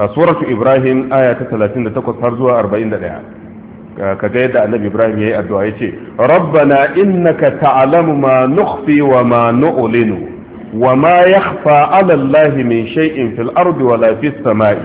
a suratu Ibrahim aya ta 38 har zuwa 41 kaga yadda annabi Ibrahim yayi addu'a yace rabbana innaka ta'lamu ma nukhfi wa ma nu'linu wa ma yakhfa 'ala allahi min shay'in fil ardi wa la fis sama'i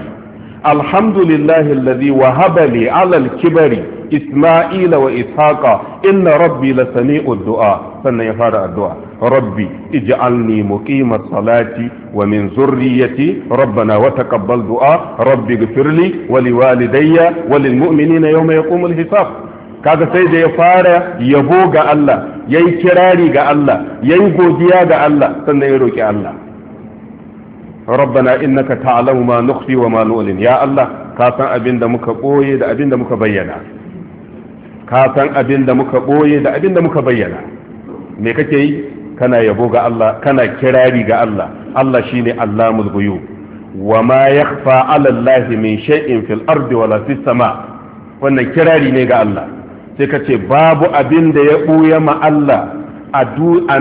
alhamdulillahi alladhi wahaba li ala al-kibari isma'ila wa ishaqa inna rabbi la sami'ud du'a sannan ya fara addu'a rabbi ij'alni muqima salati wa min zurriyyati rabbana wa taqabbal du'a rabbi ighfirli wa liwalidayya wa lil mu'minina yawma yaqumul hisab kaga sai da ya fara yabo ga Allah yayi kirari ga Allah yayi godiya ga Allah sannan ya roki Allah rabbana innaka ta'lamu ma nukhfi wa ma nu'lin ya Allah ka san abin da muka boye da abin da muka bayyana ka san abin da muka da abin da muka bayyana me kake yi kana yabo ga Allah kana kirari ga Allah Allah shine allamul ghuyub wa ma yakhfa 'ala Allah min shay'in fil ardi wala fis sama wannan kirari ne ga Allah sai ka ce babu abin da ya buya ma Allah a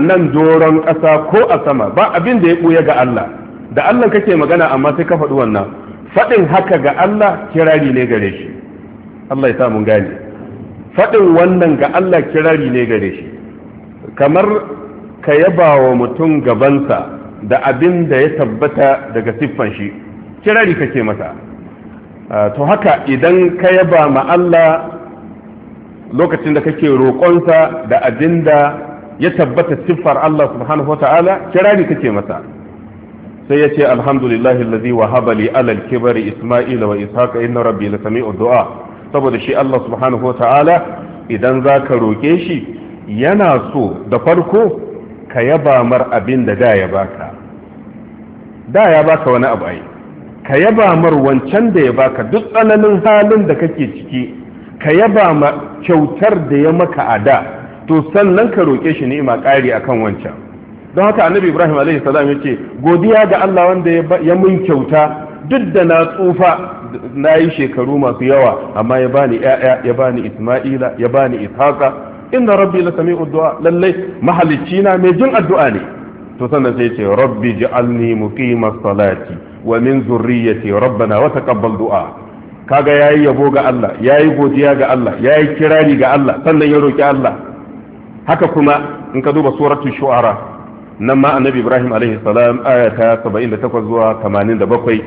nan doron ƙasa ko a sama ba abin da ya buya ga Allah da Allah kake magana amma sai ka faɗi wannan faɗin haka ga Allah kirari ne gare shi Allah ya sa mun gane faɗin wannan ga Allah kirari ne gare shi kamar ka yaba wa mutum gabansa da abin da ya tabbata daga siffan shi kirari kake masa to haka idan ka yaba ma Allah lokacin da kake roƙonsa da abin da ya tabbata siffar Allah subhanahu wa kirari kake masa sai ya ce alhamdulillah allazi wahaba li alal kibari isma'ila wa ishaqa inna rabbi sami'u du'a saboda shi Allah subhanahu wa ta'ala idan zaka roke shi yana so da farko ka yaba mar abin da da ya baka da ya baka wani abu ai ka yaba mar wancan da ya baka duk tsananin halin da kake ciki ka yaba ma kyautar da ya maka a da to sannan ka roke shi ne ma ƙari akan wancan don haka annabi ibrahim alaihi salam ya ce godiya ga allah wanda ya mun kyauta duk da na tsufa na yi shekaru masu yawa amma ya bani ya'ya ya bani isma'ila ya bani ishaqa inda rabbi la sami'u du'a lallai mahalicci na mai jin addu'a ne to sannan sai ce rabbi ja'alni muqima salati wa min zurriyyati rabbana wa taqabbal du'a kaga yayi yabo ga Allah yayi godiya ga Allah yayi kirani ga Allah sannan ya roki Allah haka kuma in ka duba suratul shu'ara nan ma annabi ibrahim alaihi salam aya 78 zuwa 87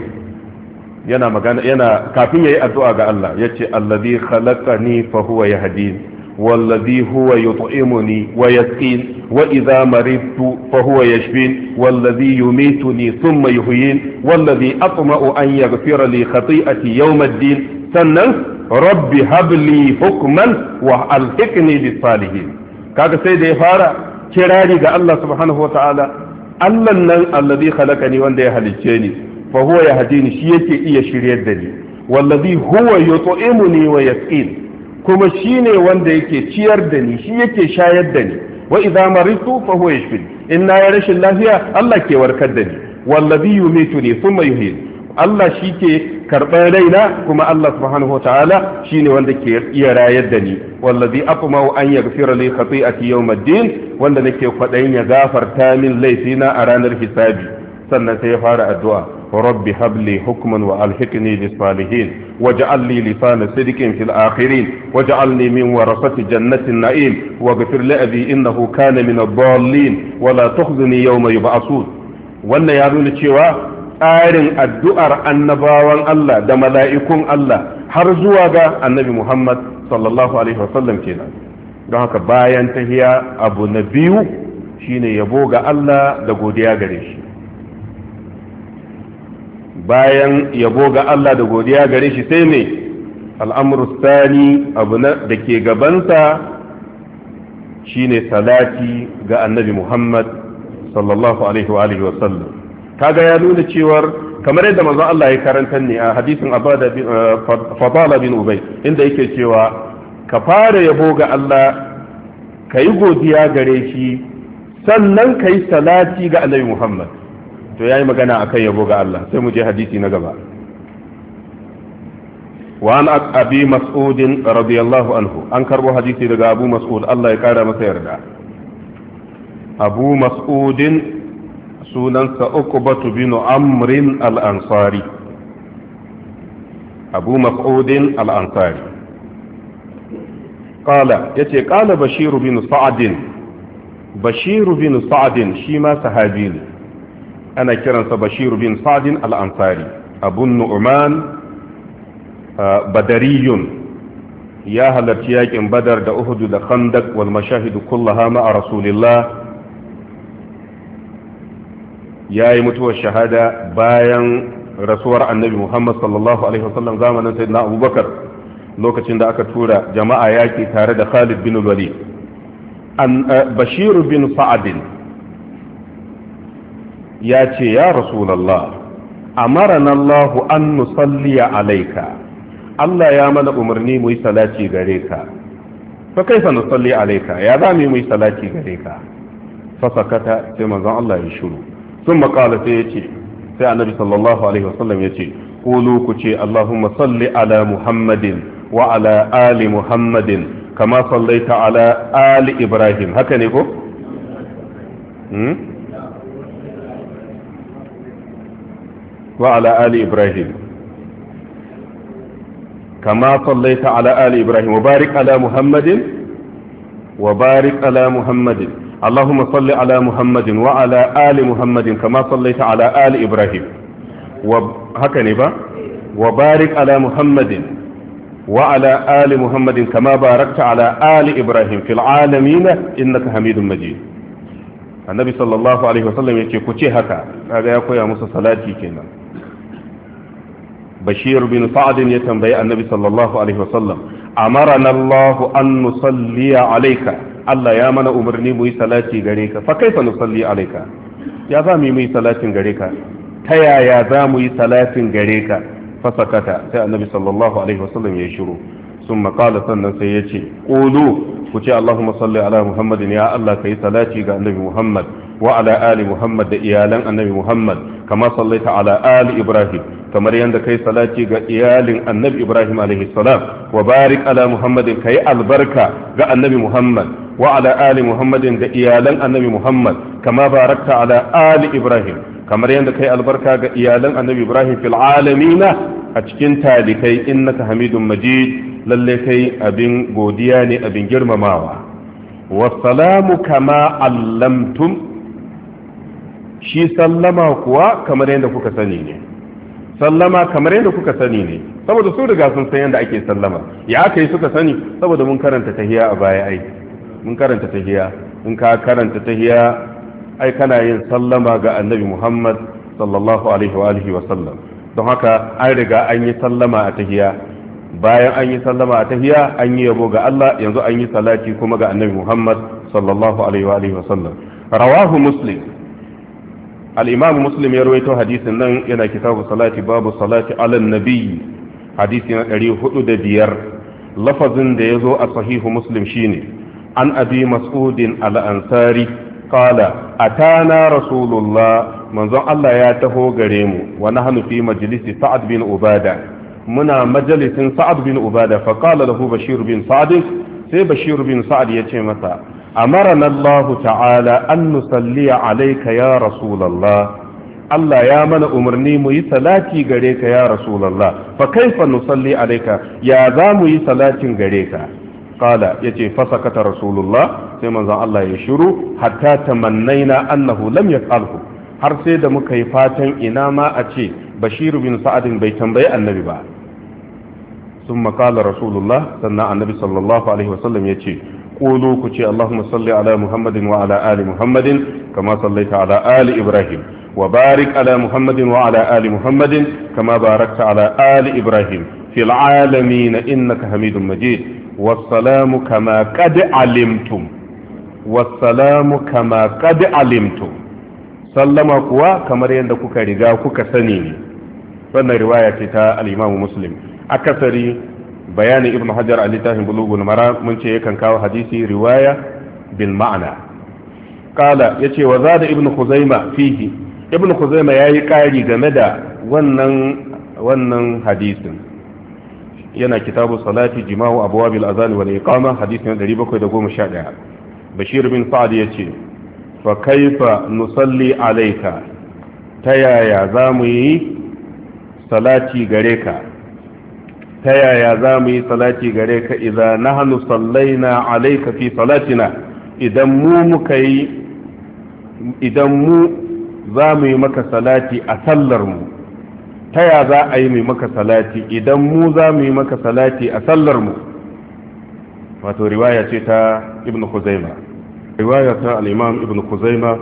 yana magana yana kafin yayi addu'a ga Allah yace allazi khalaqani fa huwa yahdin والذي هو يطعمني ويسقين وإذا مرضت فهو يشفين والذي يميتني ثم يحيين والذي أطمع أن يغفر لي خطيئتي يوم الدين سنة رب هب لي حكما وألحقني بالصالحين kaga sai da ya fara kirari ga Allah subhanahu wa ta'ala Allah nan allazi khalaqani wanda ya halicce ni fa huwa yahdini shi yake iya shiryar da ni wallazi huwa yut'imuni wa yasqin kuma shine wanda yake ciyar da ni shi yake shayar da ni wa idza maritu fa huwa yashfin in ya rashin lafiya Allah ke warkar da ni wallazi yumituni thumma yuhyini Allah shi ke karɓar raina kuma Allah subhanahu wa ta’ala shi ne wanda ke iya rayar da ni wallazi afmau an yaghfira li khati'ati yawmiddin wanda nake kwadayin ya gafarta min laifi na a ranar hisabi sannan sai ya fara addu'a rabbi habli hukman wa alhiqni bis salihin waj'al li lisana sidqin fil akhirin waj'alni min warasati jannatin an-na'im waghfir li abi innahu kana min ad-dallin wa la tukhzini yawma yub'asun wannan ya nuna cewa tsarin addu'ar annabawan Allah da mala'ikun Allah har zuwa ga annabi Muhammad sallallahu alaihi wasallam kenan don haka bayan tahiya abu na biyu shine yabo ga Allah da godiya gare shi bayan yabo ga Allah da godiya gare shi sai ne al'amuru sani abu da ke gabansa shine salati ga annabi Muhammad sallallahu alaihi wa sallam kaga ya nuna cewar kamar yadda manzo Allah ya karanta ne a hadisin abada eh, fadala bin ubay inda yake cewa ka fara yabo ga Allah ka yi godiya gare shi sannan ka yi salati ga annabi Muhammad to yayi magana akan yabo ga Allah sai mu je hadisi na gaba وعن أبي مسعود an الله hadisi daga Abu Masud, أبو مسعود الله masa yarda. أبو مسعود sunansa uqbatu bin amrin al-ansari abu mas'udin al-ansari qala yace qala bashir bin sa'd bashir bin sa'd shi ma sahabi ne ana kiransa bashir bin sa'd al-ansari abu nu'man badariyun ya halarci yakin badar da uhudu da khandak wal mashahidu kullaha ma'a rasulillah ya yi mutuwar shahada bayan rasuwar annabi muhammad sallallahu alaihi wasallam zamanin sayyidina abubakar lokacin da aka tura jama'a yaki tare da khalid bin walid eh, bashir bin sa'adin ya ce ya rasulallah amarana allahu an nusalliya alaika allah ya mana umarni mu yi salati gare ka fa kaifa nusalli alaika ya za mu yi salati gare ka fa sakata sai manzon allah ya shiru sun makala sai ya ce sai annabi sallallahu alaihi wasallam ya ce ƙulu ku ce salli ala muhammadin wa ala ali muhammadin kama sallaita ala ali ibrahim haka ne ko hmm? wa ala ali ibrahim كما صليت على آل إبراهيم وبارك على محمد وبارك على محمد اللهم صل على محمد وعلى آل محمد كما صليت على آل إبراهيم وهكذا وبارك على محمد وعلى آل محمد كما باركت على آل إبراهيم في العالمين إنك حميد مجيد النبي صلى الله عليه وسلم يقول كوتي هكا هذا يقول يا موسى صلاتي كنا بشير بن سعد يتنبي النبي صلى الله عليه وسلم أمرنا الله أن نصلي عليك Allah ya mana umarni mu yi salati gare ka fa kaifa nusalli alayka ya za mu yi salatin gare ka ta yaya za mu yi salatin gare ka fa sakata sai annabi sallallahu alaihi wasallam ya shiru ثم قال sannan sai ce qulu ku ce Allahumma salli ala Muhammadin ya Allah kai salati ga annabi Muhammad wa ala ali Muhammad da iyalan annabi Muhammad kama sallaita ala ali Ibrahim kamar yadda kai salati ga iyalin annabi ibrahim alaihi salam wa barik ala muhammadin kai albarka ga annabi muhammad wa ala ali muhammadin da iyalan annabi muhammad kama barakta ala ali ibrahim kamar yadda kai albarka ga iyalan annabi ibrahim fil alamina a cikin talikai innaka hamidun majid lalle kai abin godiya ne abin girmamawa wa salamu kama allamtum shi sallama kuwa kamar yadda kuka sani ne sallama kamar yadda kuka sani ne saboda su riga sun san yadda ake sallama ya aka yi suka sani saboda mun karanta tahiya a baya ai mun karanta tahiya in ka karanta tahiya ai kana yin sallama ga annabi Muhammad sallallahu alaihi wa alihi wa sallam don haka an riga an yi sallama a tahiya bayan an yi sallama a tahiya an yi yabo ga Allah yanzu an yi salati kuma ga annabi Muhammad sallallahu alaihi wa alihi wa sallam rawahu muslim al'imamin imam muslim ya rawaito hadisin nan yana kitabu salati babu salati ala nabi hadisi na 405 lafazin da ya zo a sahihu muslim shine an abi mas'udin al-ansari qala atana rasulullah manzon Allah ya taho gare mu wa nahnu fi majlisi sa'ad bin ubada muna majalisin sa'ad bin ubada fa qala lahu bashir bin sa'ad sai bashir bin sa'ad ya ce masa A amarana Allah ta'ala an nusalli alayka ya rasulullah Allah ya mana umarni mu yi salati gare ka ya rasulullah fa kaifa nusalli alayka ya za mu yi salatin gare ka qala yace fasakata rasulullah sai manzon Allah ya shiru hatta tamannaina annahu lam ya yaqalhu har sai da muka yi fatan ina ma a ce bashir bin sa'ad bai tambayi annabi ba ثم قال رسول الله صلى الله عليه وسلم يتي kolo ku ce Allahumma salli ala Muhammadin wa ala ali Muhammadin kama sallaita ala ali Ibrahim wa barik ala Muhammadin wa ala ali Muhammadin kama barakta ala ali Ibrahim fi alamin innaka Hamidum Majid wassalamu kama qad alimtum wassalamu kama qad alimtum sallama kuwa kamar yadda kuka riga kuka sani ne wannan riwaya fita ta al-Imam Muslim akasari bayanin ibn hajar a littafin bulugul mara mun ce yakan kawo hadisi riwaya bil ma'ana kala ya ce wa zada ibn huzaima fihi ibn huzaima ya yi ƙari game da wannan wannan hadisin yana kitabu salati jima'u abwabil azan wal iqama hadisin 711 bashir bin sa'd ya ce fa kaifa nusalli alaika ta yaya za mu yi salati gare ka ta yaya za mu yi salati gare ka idan nahnu sallaina alayka fi salatina idan mu muka yi idan mu za mu yi maka salati a sallar ta ya za a yi mai maka salati idan mu za mu yi maka salati a sallar mu wato riwaya ce ta ibn khuzaima riwaya ta al-imam ibn khuzaima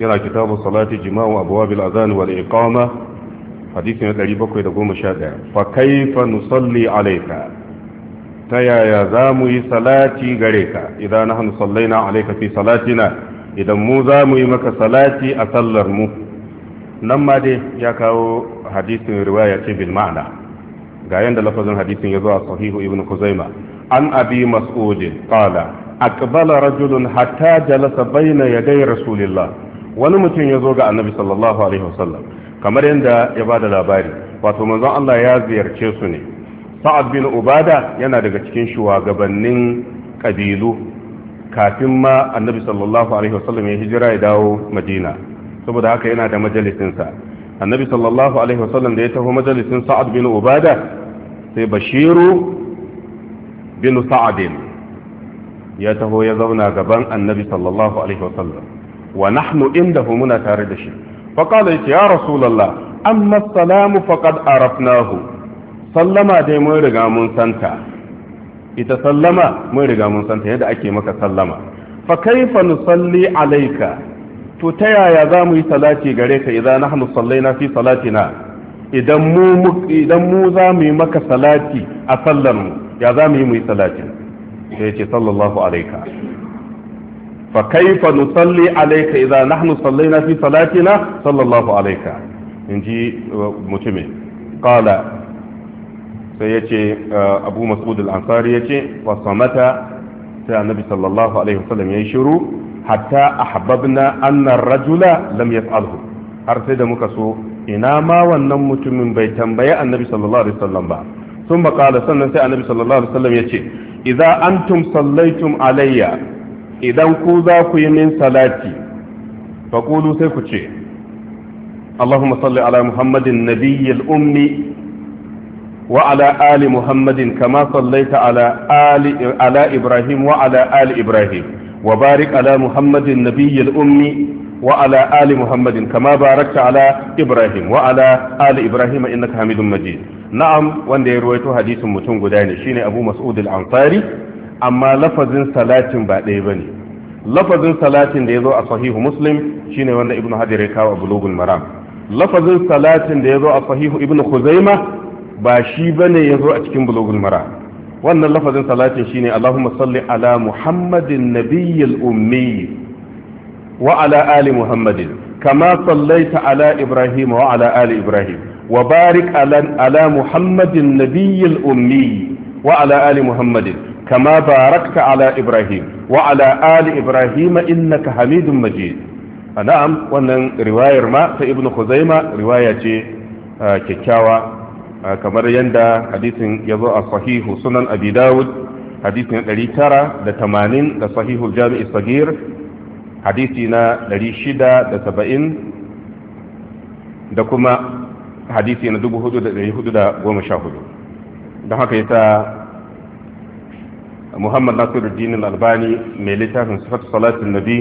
yana kitabun salati jima'u abwab al-adhan wal iqama hadisi na 711 fa kaifa nusalli alayka ta yaya za mu yi salati gare ka idan nahnu sallaina alayka fi salatina idan mu za mu yi maka salati a sallar mu nan ma dai ya kawo hadisin riwaya ce bil ma'ana ga yanda lafazin hadisin ya zo a sahihu ibn kuzaima an abi mas'udin qala aqbala rajulun hatta jalasa bayna yaday rasulillah wani mutum ya zo ga annabi sallallahu alaihi wasallam kamar yadda ya ba da labari wato manzon Allah ya ziyarce su ne sa'ad bin ubada yana daga cikin shugabannin kabilu kafin ma annabi sallallahu alaihi wasallam ya hijira ya dawo madina saboda haka yana da majalisinsa annabi sallallahu alaihi wasallam da ya tafi majalisin sa'ad bin ubada sai bashiru bin sa'adin ya taho ya zauna gaban annabi sallallahu alaihi wasallam wa nahnu indahu muna tare da shi faƙala yake ya rasulallah amma salamu faƙad arafnahu sallama dai mun riga mun santa ita sallama mun riga mun santa yadda ake maka sallama fa kaifa nusalli alayka to ta yaya za mu yi salati gare ka idan nahnu sallaina fi salatina idan mu idan mu za mu yi maka salati a sallar mu ya za mu yi mu yi salati sai ya ce sallallahu alayka fa kaifa nusalli alayka idza nahnu sallaina fi salatina sallallahu alayka inji uh, mutumin qala sai yace uh, abu mas'ud al-ansari yace fa samata sai annabi sallallahu alaihi wasallam yayi shiru hatta ahbabna anna rajula lam yaf'alhu har sai da muka so ina ma wannan mutumin bai tambayi annabi sallallahu alaihi wasallam ba sun ba kala sannan sai annabi sallallahu ya ce antum sallaitum alayya idan ku za ku yi min salati faƙulu sai ku ce اللهم صل على محمد النبي الأمي وعلى آل محمد كما صليت على آل على إبراهيم وعلى آل إبراهيم وبارك على محمد النبي الأمي وعلى آل محمد كما باركت على إبراهيم وعلى آل إبراهيم إنك حميد مجيد نعم وان يرويت حديث متون غداني شيني أبو مسعود الأنصاري amma lafazin salatin ba ɗaya ba ne lafazin salatin da ya zo a sahihu muslim shine wanda ibnu hajar ya kawo a bulugun maram lafazin salatin da ya zo a sahihu ibnu khuzaima ba shi ba ne ya zo a cikin bulugun maram wannan lafazin salatin shine allahumma salli ala muhammadin nabiyyil ummi wa ala ali muhammadin كما صليت على إبراهيم وعلى آل إبراهيم وبارك على, muhammadin nabiyyil النبي الأمي وعلى آل محمد kama barakta ala ibrahim wa ala ali ibrahim innaka hamidun majid na'am wannan riwayar ma ta ibnu khuzaima riwaya ce kyakkyawa kamar yadda hadisin ya a sahihu sunan abi dawud hadisin 980 da sahihu jami'i da haka yasa muhammad nasiruddin albani mai littafin sifat salatin nabi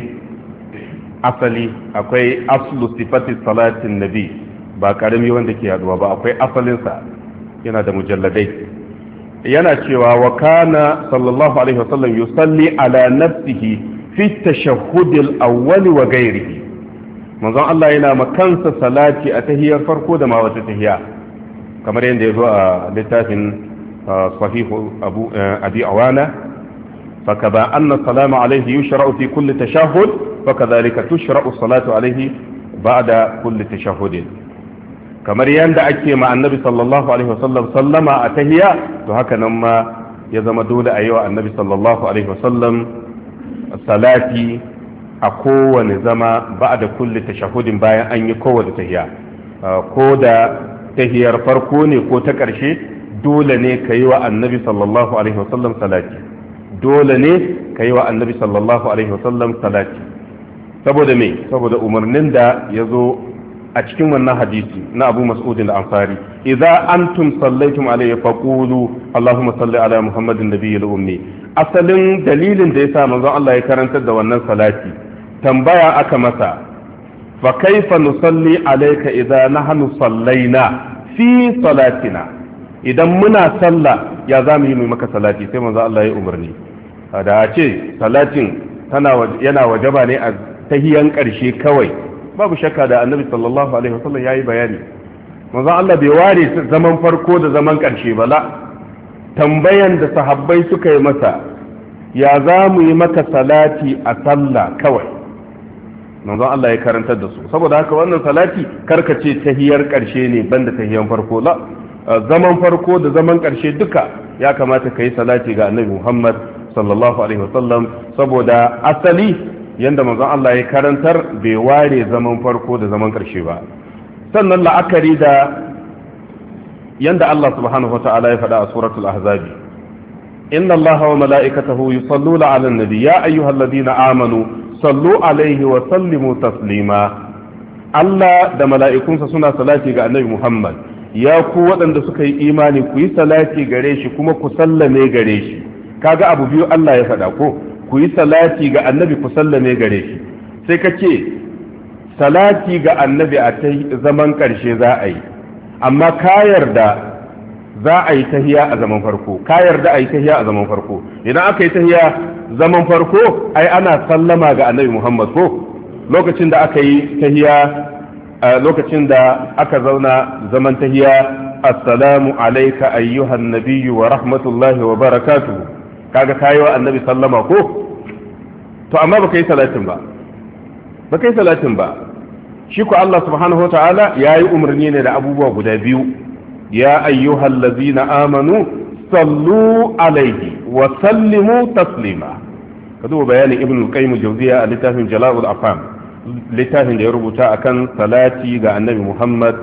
asali akwai aslu sifati salatin nabi ba karami wanda ke yaduwa ba akwai asalinsa yana da mujalladai yana cewa wa kana sallallahu alaihi wasallam yusalli ala nafsihi fi tashahhudil awwal wa ghairihi manzon Allah yana ma kansa salati a tahiyar farko da ma wata tahiya kamar yadda ya zo a littafin uh, sahihu abu uh, abi awana فكذا أن السلام عليه يشرع في كل تشهد فكذلك تشرع الصلاة عليه بعد كل تشهد kamar yadda ake ma annabi sallallahu alaihi wasallam sallama a tahiya to hakanan ma ya zama dole a yi wa annabi sallallahu alaihi wasallam salati a kowane zama ba da kulle tashahudin bayan an yi kowane tahiya ko da tahiyar farko ne ko ta ƙarshe dole ne ka yi wa annabi sallallahu dole ne ka yi wa annabi sallallahu alaihi wasallam salati saboda me saboda umarnin da ya zo a cikin wannan hadisi na abu mas'udin al-ansari idza antum sallaitum alayhi faqulu allahumma salli ala muhammadin nabiyil ummi asalin dalilin da yasa manzon Allah ya karantar da wannan salati tambaya aka masa fa kaifa nusalli alayka idza nahnu sallaina fi salatina idan muna sallah ya zamu yi maka salati sai manzon Allah ya umarni da a ce salatin yana wajaba ne a tahiyan ƙarshe kawai babu shakka da annabi sallallahu alaihi wasallam yayi bayani manzo Allah bai ware zaman farko da zaman ƙarshe ba la tambayan da sahabbai suka yi masa ya za mu yi maka salati a sallah kawai manzo Allah ya karantar da su saboda haka wannan salati karkace tahiyar ƙarshe ne banda tahiyan farko la zaman farko da zaman ƙarshe duka ya kamata ka yi salati ga annabi Muhammad sallallahu alaihi wasallam saboda asali yanda manzon Allah ya karantar bai ware zaman farko da zaman karshe ba sannan la'akari da yanda Allah subhanahu wata'ala ya faɗa a suratul ahzabi inna Allah wa mala'ikatahu yusalluna 'alan nabi ya ayyuhalladhina amanu sallu alaihi wa sallimu taslima Allah da mala'ikunsa suna salati ga annabi Muhammad ya ku waɗanda suka yi imani ku yi salati gare shi kuma ku sallame gare shi kaga abu biyu Allah ya faɗa ko ku yi salati ga annabi ku sallame gare shi sai ka ce salati ga annabi a ta zaman ƙarshe za a yi amma ka yarda za a yi tahiya a zaman farko ka yarda a yi tahiya a zaman farko idan aka yi tahiya zaman farko ai ana sallama ga annabi muhammad ko lokacin da aka yi tahiya eh, lokacin da aka zauna zaman tahiya assalamu alaika ayyuhan nabiyyu wa rahmatullahi wa barakatuhu kaga kayi wa annabi sallama ko to amma baka yi salatin ba baka yi salatin ba shi ko Allah subhanahu wa ta'ala yi umarni ne da abubuwa guda biyu ya ayyuhal ladzina amanu sallu alaihi wa sallimu taslima ka duba bayanin ibnu qayyim jawziya a littafin jala'ul afam littafin da ya rubuta akan salati ga annabi muhammad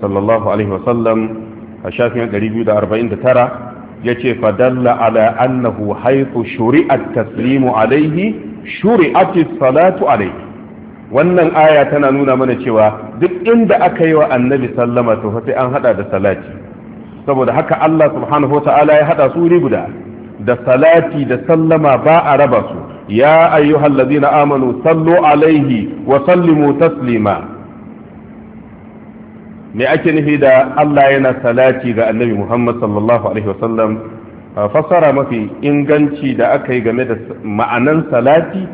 sallallahu alaihi wa sallam a shafin 249 ya ce fadalla ala annahu haythu shuri'at taslimu alaihi shuri'at salatu alaihi wannan aya tana nuna mana cewa duk inda aka yi wa annabi sallama to sai an hada da salati saboda haka Allah subhanahu wa ta'ala ya hada su wuri guda da salati da sallama ba a raba su ya ayyuhallazina amanu sallu alaihi wa sallimu taslima me ake nufi da Allah yana salati ga annabi Muhammad sallallahu alaihi wasallam fassara mafi inganci da aka yi game da ma'anan salati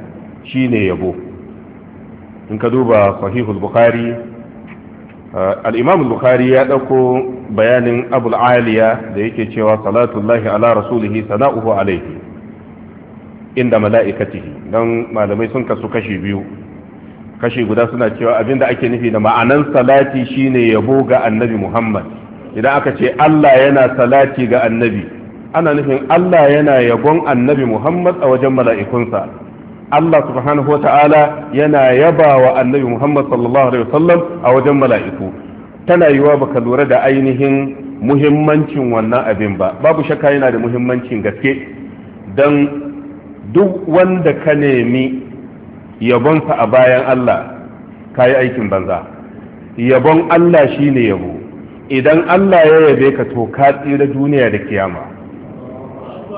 shine yabo in ka duba sahihul bukhari al-imam bukhari ya dauko bayanin abul aliya da yake cewa salatullahi ala rasulihi sana'uhu alaihi inda mala'ikatihi don malamai sun kasu kashi biyu kashi guda suna cewa abin da ake nufi da ma'anar salati shine yabo ga annabi muhammad idan aka ce allah yana salati ga annabi ana nufin allah yana yabon annabi muhammad a wajen mala'ikunsa allah subhanahu wa ta'ala yana yaba wa annabi muhammad sallallahu alaihi wasallam a wajen mala'iku tana yiwa baka lura da ainihin muhimmancin wannan abin ba babu shakka yana da muhimmancin gaske don duk wanda ka nemi yabonsa a bayan Allah ka yi aikin banza yabon Allah shine yabo idan Allah ya yabe ka to ka tsira duniya da kiyama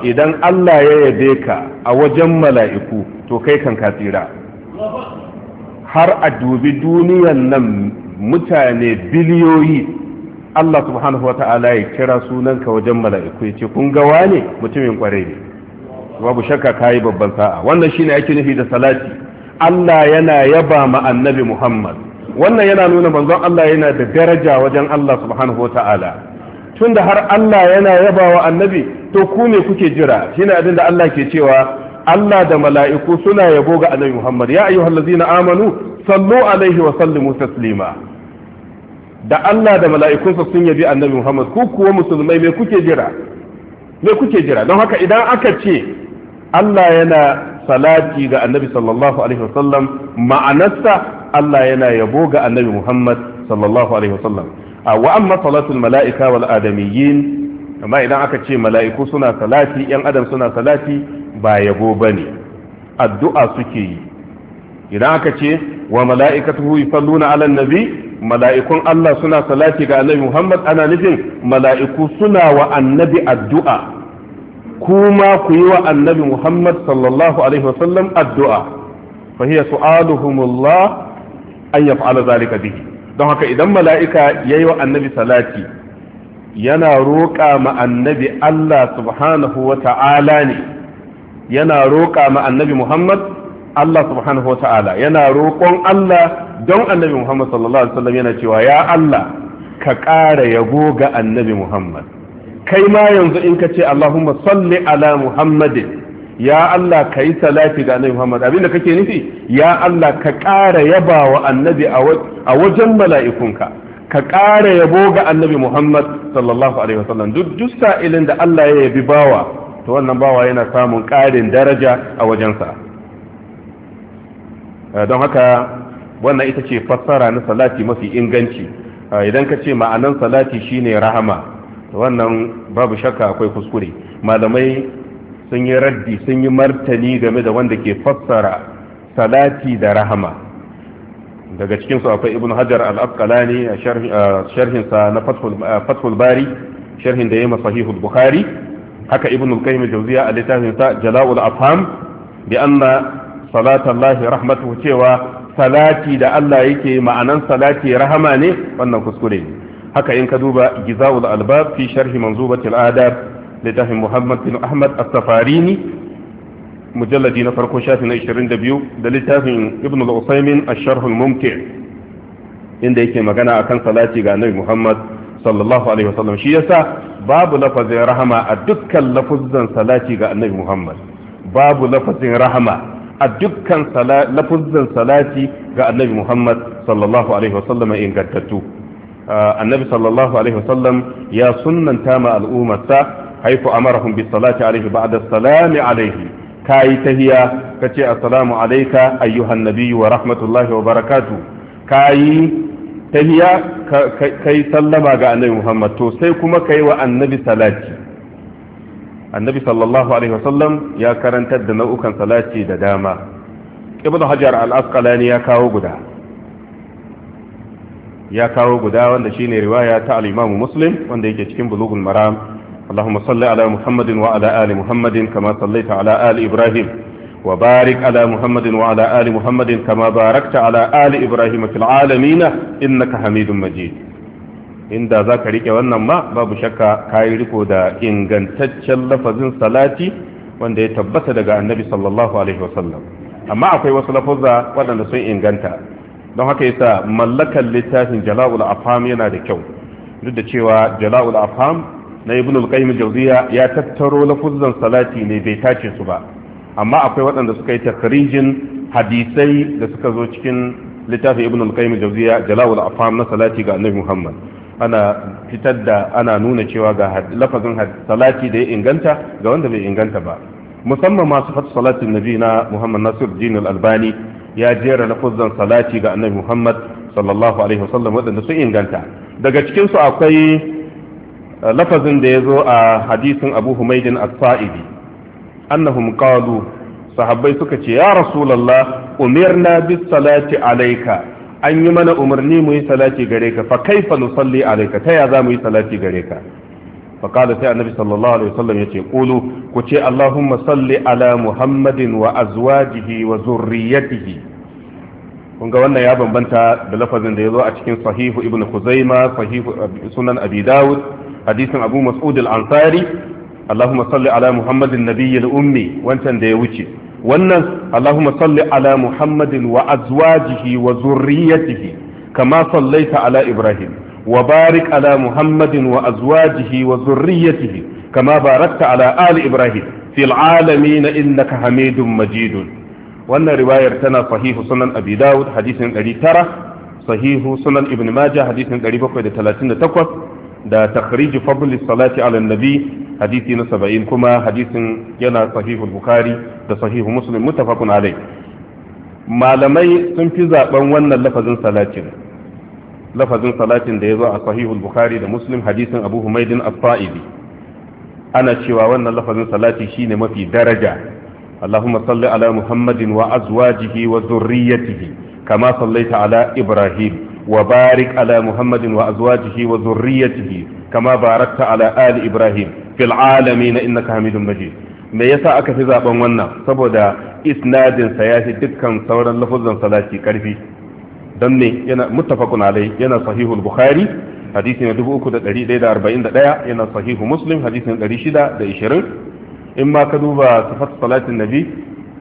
idan Allah ya yabe ka a wajen mala'iku to kai kan ka tsira har a dubi duniyan nan mutane biliyoyi Allah subhanahu wata'ala ya kira ka wajen mala'iku ya ce kun gawa ne mutumin kwarai ne babu shakka kayi babban sa'a wannan shine ake nufi da salati Allah yana yaba ma annabi Muhammad wannan yana nuna manzon Allah yana da daraja wajen Allah subhanahu wa ta'ala tun da har Allah yana yaba wa annabi to ku ne kuke jira shine abin da Allah ke cewa Allah da mala'iku suna yabo ga annabi Muhammad ya ayyuhallazina amanu sallu alaihi wa sallimu taslima da Allah da mala'ikunsa sun yabi annabi Muhammad ku kuwa musulmai me kuke jira me kuke jira don haka idan aka ce Allah yana salati ga annabi sallallahu alaihi wasallam ma'anarsa Allah yana yabo ga annabi Muhammad sallallahu alaihi wasallam wa amma salatul mala'ika wal adamiyyin amma idan aka ce mala'iku suna salati yan adam suna salati ba yabo bane addu'a suke yi idan aka ce wa mala'ikatuhu yusalluna ala nabi mala'ikun Allah suna salati ga annabi Muhammad ana nufin mala'iku suna wa annabi addu'a kuma ku yi wa annabi Muhammad sallallahu alaihi wasallam addu'a fa hiya su'aluhumullah an yaf'ala zalika bihi don haka idan mala'ika yayi wa annabi salati yana roƙa ma annabi Allah subhanahu wa ta'ala ne yana roƙa ma annabi Muhammad Allah subhanahu wa ta'ala yana roƙon Allah don annabi Muhammad sallallahu alaihi wasallam yana cewa ya Allah ka ƙara yabo ga annabi Muhammad kai ma yanzu in ka ce Allahumma salli ala Muhammadin ya Allah ka yi salati ga annabi Muhammad abinda kake nufi ya Allah ka ƙara yabawa annabi a wajen mala'ikunka ka ƙara yabo ga annabi Muhammad sallallahu alaihi wasallam duk duk sa'ilin da Allah ya yabi bawa to wannan bawa yana samun ƙarin daraja a wajensa eh, don haka wannan ita ce fassara na salati mafi inganci eh, idan ka ce ma'anan salati shine rahama wannan babu shakka akwai kuskure malamai sun yi raddi sun yi martani game da wanda ke fassara salati da rahama daga cikinsu akwai ibn hajar al-asqalani sharhinsa na fathul bari sharhin da ya yi sahihul bukhari haka ibn al-qayyim al-jawziya a littafin sa jala'ul afham bi anna lahi rahmatuhu cewa salati da Allah yake ma'anan salati rahama ne wannan kuskure ne haka in ka duba gizawul albab fi sharhi manzubatil adab littafin muhammad bin ahmad as-safarini mujalladi na farko shafi na 22 da littafin ibn al-usaymin ash-sharh al-mumti inda yake magana akan salati ga annabi muhammad sallallahu alaihi wasallam shi yasa babu lafazin rahama a dukkan lafuzzan salati ga annabi muhammad babu lafazin rahama a dukkan lafuzzan salati ga annabi muhammad sallallahu alaihi wasallam ingantattu annabi sallallahu alaihi wasallam ya sunnanta ma al'ummarsa haifu amarahum bis salati alaihi ba'da salami alaihi kai tahiya kace assalamu alayka ayyuhan nabiyyu wa rahmatullahi wa barakatuh kai tahiya kai sallama ga annabi Muhammad to sai kuma kai wa annabi salati annabi sallallahu alaihi wasallam ya karantar da nau'ukan salati da dama ibnu hajar al-asqalani ya kawo guda ya kawo guda wanda shine riwaya ta al-Imam Muslim wanda yake cikin Bulughul Maram Allahumma salli ala Muhammadin wa ala ali Muhammadin kama sallaita ala ali Ibrahim wa barik ala Muhammadin wa ala ali Muhammadin kama barakta ala ali Ibrahim fil alamin innaka Hamidum Majid inda zaka rike wannan ma babu shakka kai riko da ingantaccen lafazin salati wanda ya tabbata daga Annabi sallallahu alaihi wasallam amma akwai wasu lafuzza waɗanda sun inganta don haka yasa mallakan littafin jala'ul afham yana da kyau duk da cewa jala'ul afham na ibn al-qayyim jawziya ya tattaro lafuzzan salati ne bai tace su ba amma akwai waɗanda suka yi takrijin hadisai da suka zo cikin littafin ibn al-qayyim jawziya jala'ul afham na salati ga annabi muhammad ana fitar da ana nuna cewa ga lafazin salati da ya inganta ga wanda bai inganta ba musamman masu fata salatin nabi na muhammad nasir din albani ya jera lafuzzan salati ga annabi Muhammad sallallahu alaihi wasallam wadanda sun inganta daga cikin su akwai eh, lafazin da ya zo a hadisin Abu humaidin As-Sa'idi annahum qalu sahabbai suka ce ya rasulullah umirna bis salati alayka an yi mana umarni mu yi salati gare ka fa kaifa nusalli alayka ta ya za mu yi salati gare ka faƙada sai annabi sallallahu alaihi wasallam ya ce ƙulu ku ce allahumma salli ala muhammadin wa azwajihi wa zurriyatihi kun ga wannan ya bambanta da lafazin da ya zo a cikin sahihu ibn kuzaima sahihu sunan abi dawud hadisin abu mas'ud al-ansari allahumma salli ala muhammadin nabiyyil ummi wancan da ya wuce wannan allahumma salli ala muhammadin wa azwajihi wa zurriyatihi kama sallaita ala ibrahim wa barik ala muhammadin wa azwajihi wa zurriyyatihi kama barakta ala ali ibrahim fil alamin innaka hamidum majidun wannan riwayar tana sahihu sunan abi dawud hadisin 900 sahihu sunan ibn majah hadisin 738 da takhrij fadl salati ala nabi hadisi na 70 kuma hadisin yana sahihu bukhari da sahihu muslim muttafaqun alai malamai sun fi zaben wannan lafazin salacin. lafazin salatin da ya zo a sahihul bukhari da muslim hadisin abu humaidin as-sa'idi ana cewa wannan lafazin salati shine mafi daraja allahumma salli ala muhammadin wa azwajihi wa zurriyyatihi kama sallaita ala ibrahim wa barik ala muhammadin wa azwajihi wa zurriyyatihi kama barakta ala ali ibrahim fil alamin innaka hamidum majid me yasa aka fi zaben wannan saboda isnadin sa ya dukkan sauran lafazan salati karfi don ne yana muttafaqun alai yana sahihul bukhari hadisi na 3141 yana sahihu muslim hadisi na 620 in ma ka duba sifat salatin nabi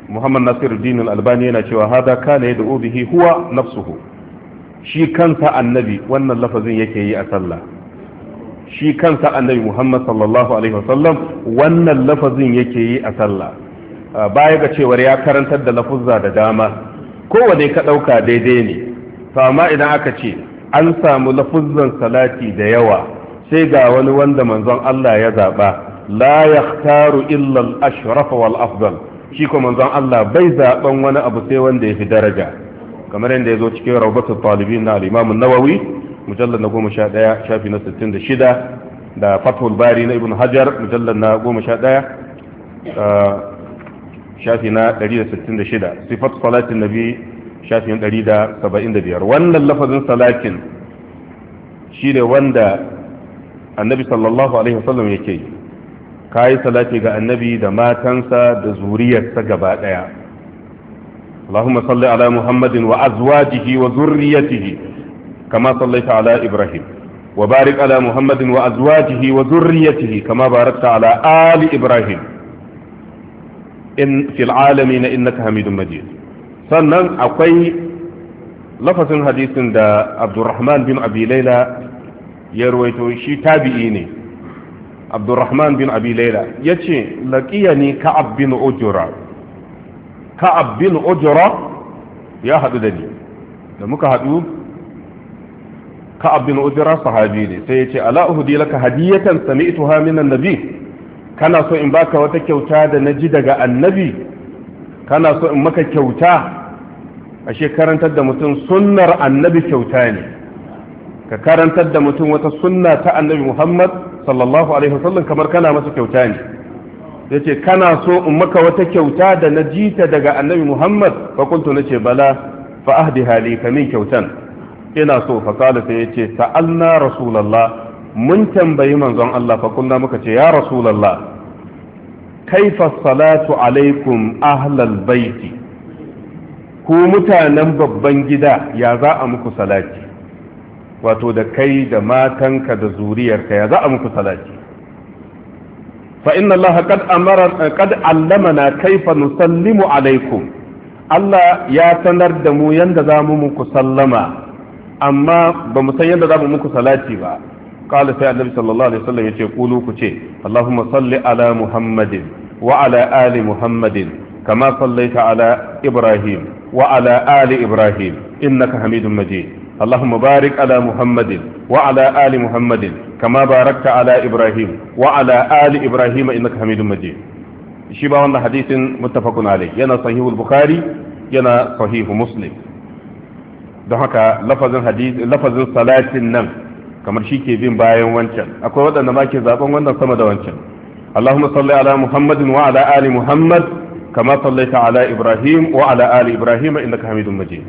muhammad nasiruddin al-albani yana cewa hada kana yad'u bihi huwa nafsuhu shi kansa annabi wannan lafazin yake yi a sallah shi kansa annabi muhammad sallallahu alaihi wasallam wannan lafazin yake yi a sallah baya ga cewar ya karantar da lafuzza da dama kowane ka dauka daidai ne to amma idan aka ce an samu lafuzzan salati da yawa sai ga wani wanda manzon Allah ya zaba la yahtaru illa al-ashraf wal afdal shi ko manzon Allah bai zaban wani abu sai wanda yafi daraja kamar yadda ya zo cikin rawbatul talibin na al-imam an-nawawi mujallad na 11 shafi na 66 da fathul bari na ibn hajar mujallad na 11 eh, shafi na 166 sifat salatin nabi shafin 175 wannan lafazin salakin shi ne wanda annabi sallallahu alaihi wasallam yake kayi ka yi salati ga annabi da matansa da zuriyarsa gaba daya اللهم صل على محمد وأزواجه وذريته كما صليت على إبراهيم وبارك على محمد وأزواجه وذريته كما باركت على آل إبراهيم إن في العالمين إنك حميد مجيد sannan akwai lafasin hadisin da abdurrahman bin abi laila ya ruwaito shi tabi'i ne abdurrahman bin abi laila ya ce laƙiyani ka'ab bin ujura ka'ab bin ujura ya haɗu da ni da muka haɗu ka'ab bin ujura sahabi ne sai ya ce ala uhudi laka hadiyatan sami'tuha minan Nabi? kana so in baka wata kyauta da na ji daga annabi kana so in maka kyauta a karantar da mutum sunnar annabi kyauta ne ka karantar da mutum wata sunna ta annabi muhammad sallallahu alaihi wasallam kamar kana masa kyauta ne ya ce kana so in maka wata kyauta da na jita daga annabi muhammad fakultu na ce bala fa ahdi hali ka min kyautan ina so fa kala sai ya ce sa'alna rasulallah mun tambayi manzon allah fakulna muka ce ya rasulallah kaifa salatu alaikum ahlal baiti ku mutanen babban gida ya za a muku salati wato da kai da matanka da zuriyarka ya za a muku salati fa inna allaha qad amara qad allamana kaifa nusallimu alaikum Allah ya sanar da mu yanda za mu muku sallama amma ba mu san yanda za mu muku salati ba قال سي النبي صلى الله عليه وسلم يتي قولوا كتي اللهم صل على محمد وعلى آل محمد كما صليت على إبراهيم وعلى آل إبراهيم إنك حميد مجيد اللهم بارك على محمد وعلى آل محمد كما باركت على إبراهيم وعلى آل إبراهيم إنك حميد مجيد shi ba wannan hadisin muttafaqun alai yana sahihul bukhari yana sahihu muslim don haka lafazin hadis lafazin salatin nan kamar shi ke bin bayan wancan akwai waɗanda ma ke zaben wannan sama da wancan Allahumma salli ala Muhammadin wa ala ali Muhammad kama sallaita ala Ibrahim wa ala ali Ibrahim innaka hamidun Majid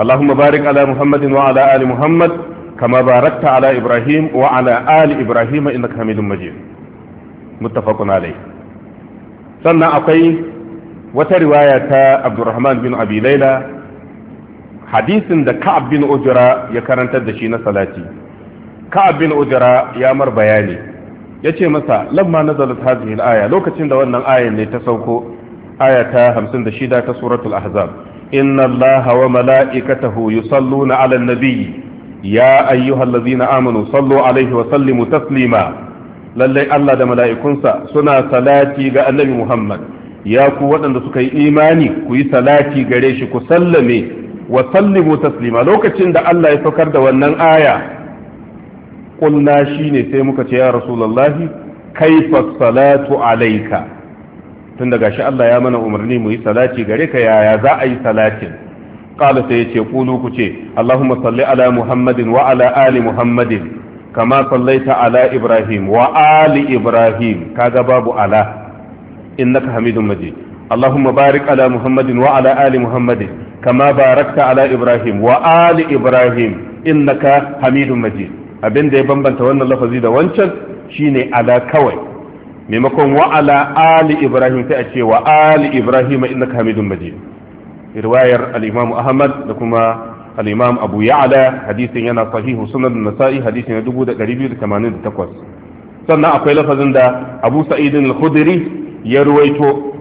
Allahumma barik ala Muhammadin wa ala ali Muhammad kama barakta ala Ibrahim wa ala ali Ibrahim innaka Hamidum Majid muttafaqun alayh sannan akwai wata riwaya ta Abdurrahman bin Abi Layla hadisin da Ka'ab bin Ujra ya karantar da shi na salati Ka bin ya mar bayani ce masa lamma nazalat hadhihi al-aya lokacin da wannan ayan ne ta sauko aya ta 56 ta suratul ahzab inna allaha wa mala'ikatahu yusalluna an nabiyyi ya ayyuhallazina amanu sallu Alayhi wa sallimu taslima lalle Allah da mala'ikunsa suna salati ga annabi Muhammad ya ku waɗanda suka yi imani ku yi salati gare shi ku sallame wa sallimu taslima lokacin da Allah ya saukar da wannan aya shi ne sai muka ce ya rasulullahi kaifa salatu alaika tun daga shi Allah ya mana umarni mu yi salati gare ka yaya za a yi salatin qala sai yace kulu ku ce allahumma salli ala muhammadin wa ala ali muhammadin kama sallaita ala ibrahim wa ali ibrahim kaga babu ala innaka hamidun majid اللهم بارك على محمد Ali Muhammadin kama barakta ala Ibrahim إبراهيم وآل إبراهيم إنك hamidun مجيد abin da ya bambanta wannan lafazi da wancan shine ala kawai maimakon wa ala ali ibrahim sai a ce wa ali ibrahim innaka hamidun majid riwayar al-imam ahmad da kuma al-imam abu ya'la hadisin yana sahihu sunan nasa'i hadisi na 2288 sannan akwai lafazin da abu sa'id al-khudri ya ruwaito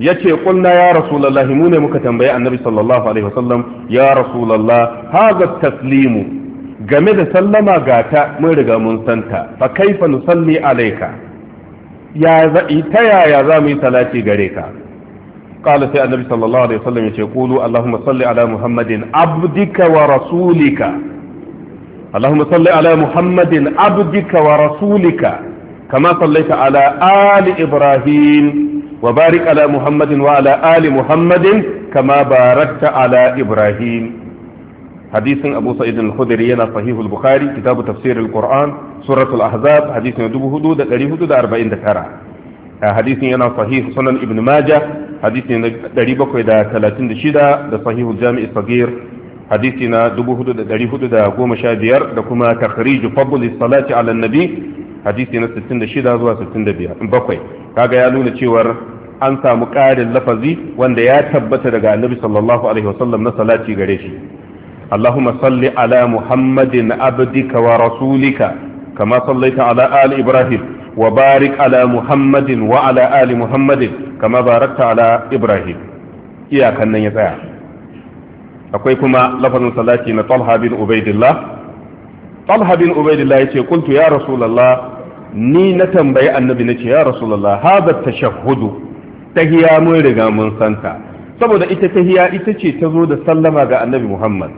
yace qulna ya rasulullahi mu ne muka tambaye annabi sallallahu alaihi wasallam ya rasulullah hadha taslimu game da sallama gata mun riga mun santa fa kaifa nusalli alayka ya ta yaya za mu yi salati gare ka qala sai annabi sallallahu alaihi wasallam yace qulu allahumma salli ala muhammadin abdika wa rasulika اللهم صل على محمد عبدك ورسولك كما صليت على آل إبراهيم وبارك على محمد وعلى آل محمد كما باركت على إبراهيم hadisin abu sa'id al-khudri yana sahihul bukhari kitabu tafsir al-qur'an suratul ahzab hadisin 4449 hadisin yana sahih sunan ibn majah hadisin 736 da sahihul jami' sagir hadisi na 4415 da kuma takhriju fadl salati ala nabi hadisi na 66 zuwa 65 bakwai kaga ya nuna cewar an samu ƙarin lafazi wanda ya tabbata daga annabi sallallahu alaihi wasallam na salati gare shi اللهم صل على محمد عبدك ورسولك كما صليت على آل إبراهيم وبارك على محمد وعلى آل محمد كما باركت على إبراهيم إياك أن يسعى أقول كما لفظ صلاتي طلحة بن عبيد الله طلحة بن عبيد الله يقول قلت يا رسول الله ni na tambayi annabi na ce ya rasulullah haba tashahhudu tahiya mun riga mun santa saboda ita tahiya ita ce ta zo da sallama ga annabi muhammad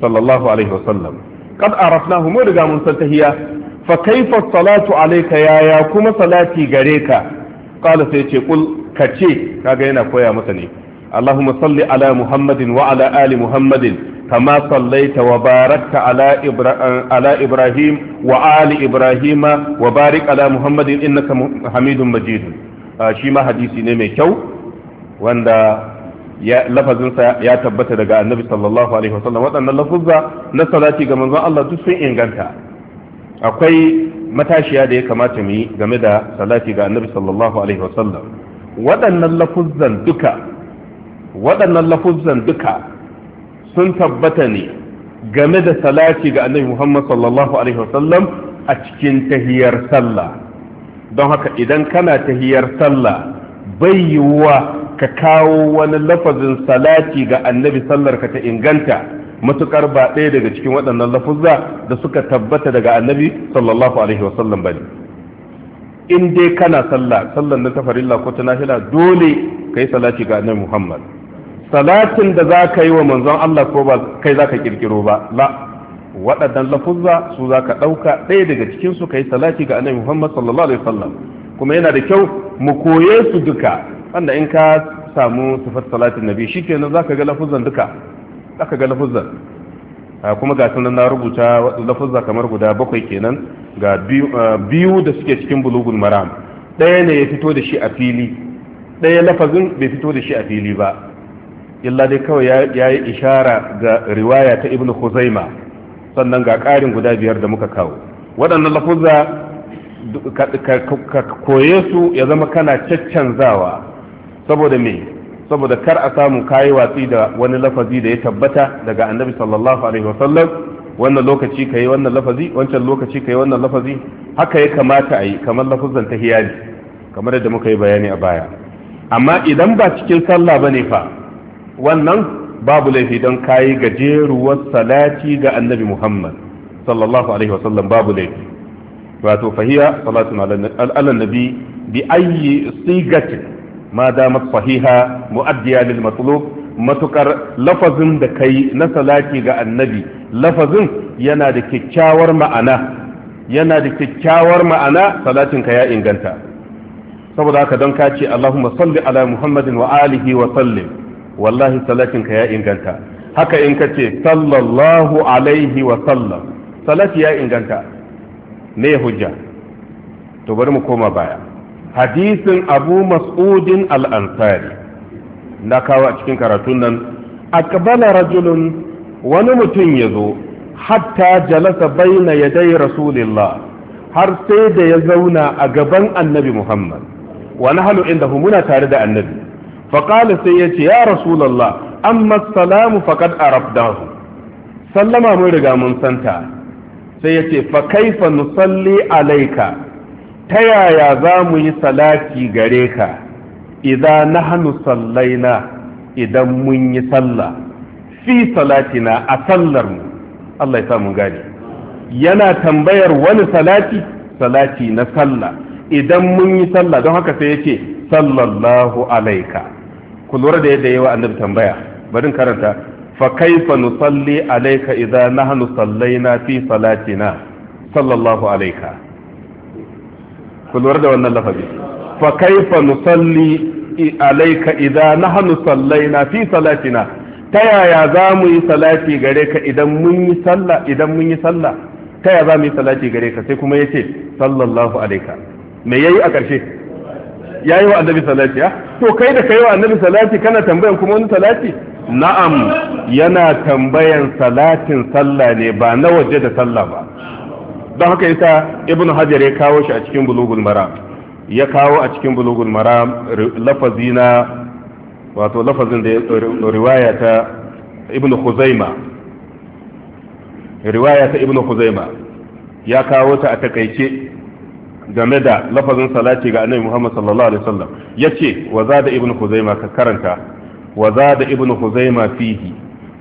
sallallahu alaihi wasallam kad mu riga mun san tahiya fa kaifa salatu alayka kuma salati gare ka qala sai ce kul kace kaga yana koya masa ne اللهم صل على محمد وعلى آل محمد كما صليت وباركت على إبرا... على إبراهيم وآل إبراهيم وبارك على محمد إنك حميد مجيد آه شيما حديثي كو lafazinsa ya tabbata daga annabi sallallahu alaihi wasallam waɗannan lafuzza na salati ga manzon Allah duk sun inganta akwai matashiya da ya kamata mu yi game da salati ga annabi sallallahu alaihi wasallam waɗannan lafuzzan duka waɗannan lafuzzan duka sun tabbata ne game da salati ga annabi Muhammad sallallahu alaihi wasallam a cikin tahiyar sallah don haka idan kana tahiyar sallah bai yiwuwa ka kawo wani lafazin salati ga annabi sallar ka ta inganta matukar ba ɗaya daga cikin waɗannan lafuzza da suka tabbata daga annabi sallallahu alaihi wasallam ne in dai kana sallah sallan na tafarilla ko ta nafila dole kai salati ga annabi muhammad salatin da za ka yi wa manzon allah ko ba kai za ka kirkiro ba la waɗannan lafuzza su za ka ɗauka ɗaya daga cikinsu ka yi salati ga annabi muhammad sallallahu alaihi wasallam kuma yana da kyau mu koye su duka wanda in ka samu sifar salatin nabi za zaka ga lafuzan duka zaka ga lafuzan ah, kuma ga sunan na rubuta lafuzza kamar guda bakwai kenan ga biyu ah, da suke cikin bulugun maram ɗaya ne ya fito da shi a fili ɗaya lafazin bai fito da shi a fili ba illa dai kawai ya yi ishara ga riwaya ta Ibn Kuzaima sannan ga ƙarin guda biyar da muka kawo waɗannan lafuzza ka koye su ya zama kana caccanzawa saboda me saboda kar a samu kayi watsi da wani lafazi da ya tabbata daga annabi sallallahu alaihi wa sallam wannan lokaci kai wannan lafazi wancan lokaci kai wannan lafazi haka ya kamata a yi kamar lafazan ta ne kamar yadda muka yi bayani a baya amma idan ba cikin sallah bane fa wannan babu laifi don kayi gajeruwar salati ga annabi muhammad sallallahu alaihi wasallam babu laifi wato fahiya salatu ala annabi bi ayyi sigatin ma damat sahiha mu'addiya lil matlub matukar lafazin da kai na salati ga annabi lafazin yana da kyakkyawar ma'ana yana da kyakkyawar ma'ana salatin ka ya inganta saboda haka don ka ce Allahumma salli ala Muhammadin wa alihi wa sallim wallahi salatin ka ya inganta haka in ka ce sallallahu alaihi wa sallam salati ya inganta me hujja to bari mu koma baya hadisin abu mas'udin al'ansari na kawo a cikin karatun nan akbala rajulun wani mutum ya zo hatta jalasa baina ya dai rasulillah har sai da ya zauna a gaban annabi muhammad wani halu inda muna tare da annabi faƙala sai ya ce ya rasulallah amma salamu faƙad arabdahu sallama mun riga mun santa sai ya ce fa kaifa nusalli alaika ta yaya za mu yi salati gare ka idan na nahnu sallaina idan mun yi sallah fi salatina a sallar mu Allah ya samu gane yana tambayar wani salati salati na sallah idan mun yi sallah don haka sai yake sallallahu alaika ku lura da yadda yawa annabi tambaya barin karanta fa kaifa nusalli alaika idan na nahnu sallaina fi salatina sallallahu alaika ku lura da wannan lafazi fa kaifa nusalli alayka idza nahnu sallaina fi salatina ta yaya za mu yi salati gare ka idan mun yi sallah idan mun yi sallah ta yaya za mu yi salati gare ka sai kuma yace sallallahu alayka me yayi a karshe yayi wa annabi salati ya to kai da kai wa annabi salati kana tambayan kuma wani salati na'am yana tambayan salatin sallah ne ba na waje da sallah ba don haka yasa ibn hajar ya kawo shi a cikin bulugul maram ya kawo a cikin bulugul maram lafazi na wato lafazin da riwaya ta ibn khuzaima riwaya ta ibn khuzaima ya kawo ta a takaice game da lafazin salati ga annabi Muhammad sallallahu alaihi wasallam yace wa da ibn khuzaima ka karanta wa da ibn khuzaima fihi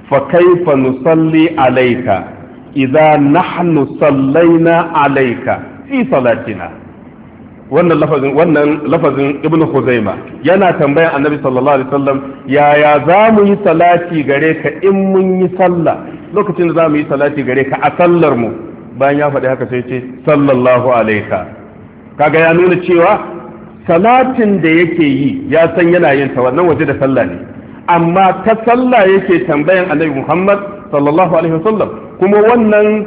fa kaifa nusalli alayka idza nahnu sallaina alayka fi salatina wannan lafazin wannan lafazin ibnu khuzaima yana tambayan annabi sallallahu alaihi wasallam yaya za mu yi salati gare ka in mun yi sallah lokacin da za mu yi salati gare ka a sallar mu bayan ya faɗi haka sai ce sallallahu alaika kaga ya nuna cewa salatin da yake yi ya san yana yin ta wannan waje da sallah ne amma ta sallah yake tambayan annabi muhammad sallallahu alaihi wasallam kuma wannan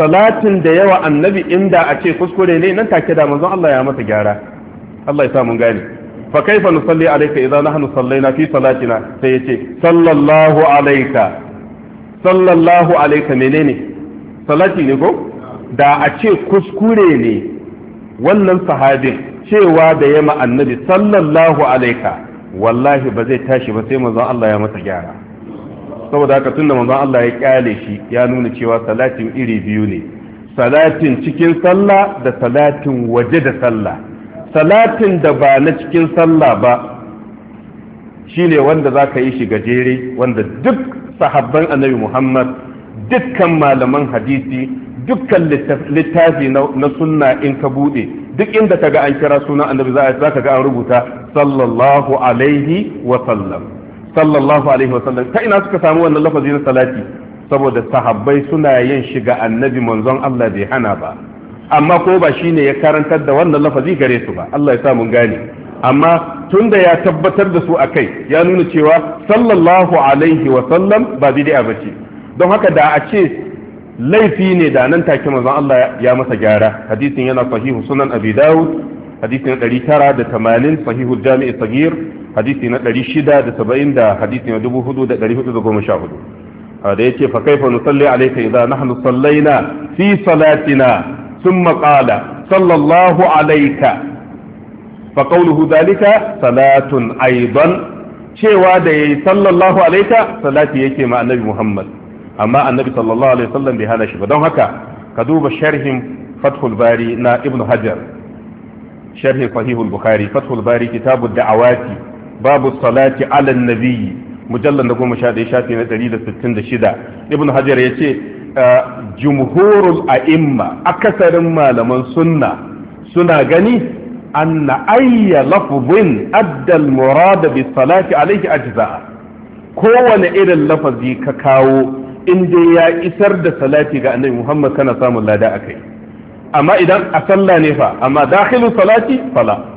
salatin da yawa annabi inda a ce kuskure ne nan take da manzon Allah ya masa gyara Allah ya sa mun gane fa kaifa nusalli alayka idza nahnu sallaina fi salatina sai yace sallallahu alayka sallallahu alayka menene salati ne ko da a ce kuskure ne wannan sahabin cewa da yama annabi sallallahu alayka wallahi ba zai tashi ba sai manzon Allah ya masa gyara saboda haka tunda manzon Allah ya kyale shi ya nuna cewa salatin iri biyu ne salatin cikin sallah da salatin waje da sallah salatin da ba na cikin sallah ba shine wanda za ka yi shi gajere wanda duk sahabban annabi muhammad dukkan malaman hadisi dukkan littafi na sunna in ka bude duk inda ka ga an kira sunan annabi za ka ga an rubuta sallallahu alaihi wa sallam sallallahu alaihi wasallam ta ina suka samu wannan lafazi na salati saboda sahabbai suna yin shiga annabi manzon Allah bai hana ba amma ko ba shine ya karantar da wannan lafazi gare su ba Allah ya sa mun gane amma tunda ya tabbatar da su akai ya nuna cewa sallallahu alaihi wasallam ba bid'a bace don haka da a ce laifi ne da nan take manzon Allah ya masa gyara hadisin yana sahihu sunan abi tara hadisin 980 sahihu jami'i sagir hadisi na ɗari shida da saba'in da hadisi na dubu hudu da ɗari da da goma sha hudu ya yake fa kaifa nusalli alayka idza nahnu sallaina fi salatina thumma qala sallallahu alayka fa qawluhu dhalika salatun aidan cewa da yayi sallallahu alayka salati yake ma annabi Muhammad amma annabi sallallahu alaihi wasallam bai hana shi ba don haka ka duba sharhin fathul bari na ibnu hajar sharhin sahihul bukhari fathul bari kitabud da'awati babu salati ala nabiyyi mujallal na goma sha ɗaya shafi na ɗari da sittin da shida ibn hajar ya ce ah, jumhurul a'imma akasarin malaman sunna suna gani anna ayya lafzin addal muradabi bi salati alaihi ajza'a kowane irin lafazi ka kawo in dai ya isar da salati ga annabi Muhammad kana samun lada akai amma idan a sallah ne fa amma dakhilu salati fala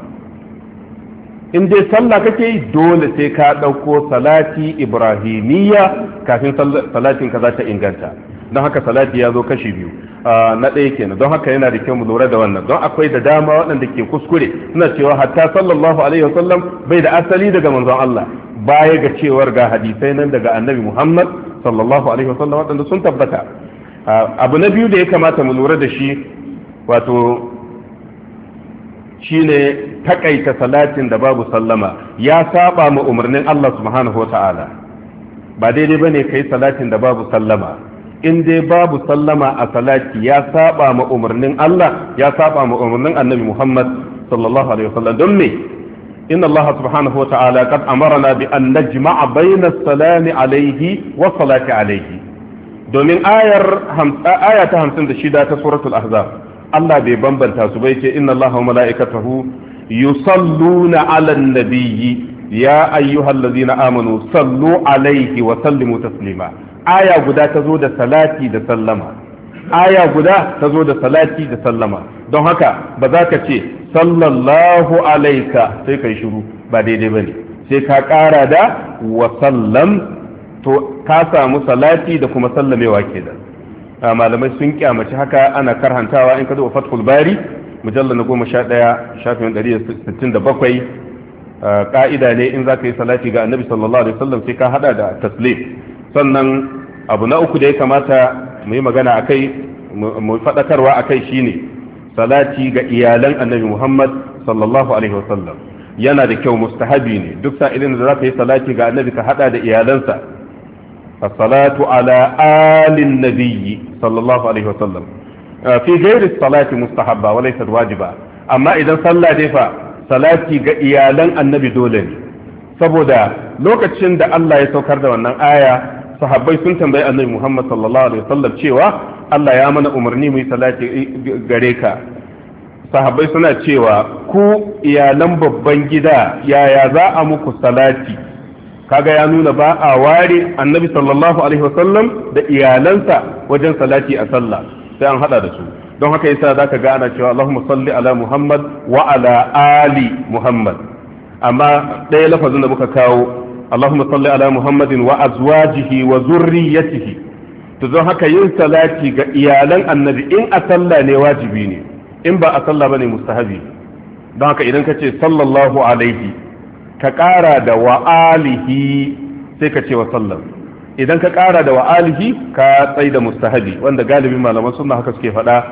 in dai sallah kake yi dole sai ka ɗauko salati ibrahimiyya kafin salatin ka za ta inganta don haka salati ya zo kashi biyu ah, na ɗaya kenan don haka yana da kyau mu lura da wannan don akwai da dama waɗanda ke kuskure suna cewa hatta sallallahu alaihi wasallam bai da asali daga manzon Allah baya ga cewar ga hadisai nan daga annabi Muhammad sallallahu alaihi wasallam waɗanda sun tabbata ah, abu na biyu da ya kamata mu lura da shi wato shine takaita salatin da babu sallama ya saba ma umarnin Allah subhanahu wata'ala ba daidai ba ne ka yi salatin da babu sallama in dai babu sallama a salati ya saba ma umarnin Allah ya saba ma umarnin Annabi Muhammad sallallahu alaihi wasallam don me inna Allah subhanahu wata'ala qad amarna bi an najma'a bayna as-salami alayhi wa salati alayhi domin ayar ayata 56 ta suratul ahzab Allah bai bambanta su bai ce inna Allah wa mala'ikatahu yusalluna 'alan nabiyyi ya ayyuhallazina amanu sallu alaihi wa sallimu taslima aya guda ta zo da salati da sallama aya guda ta zo da salati da sallama don haka ba za ka ce sallallahu alaika sai kai shiru ba daidai ba ne sai ka ƙara da wa sallam to ka samu salati da kuma sallamewa kenan A malamai sun kyamaci haka ana karhantawa in ka zo Fatkul bari mujalla na goma sha ɗaya shafin ɗari sittin da bakwai ah, ƙa'ida ne in za ka yi salati ga annabi sallallahu alaihi wasallam sai ka haɗa da taslim sannan abu na uku da ya kamata mu yi magana a kai mu faɗakarwa a kai shine salati ga iyalan annabi muhammad sallallahu alaihi wasallam yana da kyau mustahabi ne duk sa'ilin da za ka yi salati ga annabi ka haɗa da iyalansa as-salatu ala alin nabiyyi sallallahu alaihi wasallam uh, fi ghairi salati mustahabba wa laysat wajiba amma idan sallah dai fa salati ga iyalan annabi dole ne saboda lokacin da Allah ya saukar da wannan aya sahabbai sun tambayi annabi Muhammad sallallahu alaihi wasallam cewa Allah ya mana umarni mu yi salati eh, gare ka sahabbai suna cewa ku iyalan babban gida yaya za a muku salati kaga ya nuna ba a ware annabi sallallahu alaihi wasallam da iyalansa wajen salati a sallah sai an hada da su don haka yasa zaka ga ana cewa Allahumma salli ala Muhammad wa ala ali Muhammad amma ɗaya lafazin da muka kawo Allahumma salli ala Muhammadin wa azwajihi wa zurriyatihi to don haka yin salati ga iyalan annabi in a sallah ne wajibi ne in ba a sallah bane mustahabi don haka idan ka ce sallallahu alaihi ka ƙara da wa'alihi sai ka ce wa sallam idan ka ƙara da wa'alihi ka tsai da mustahabi wanda galibin malaman suna haka suke faɗa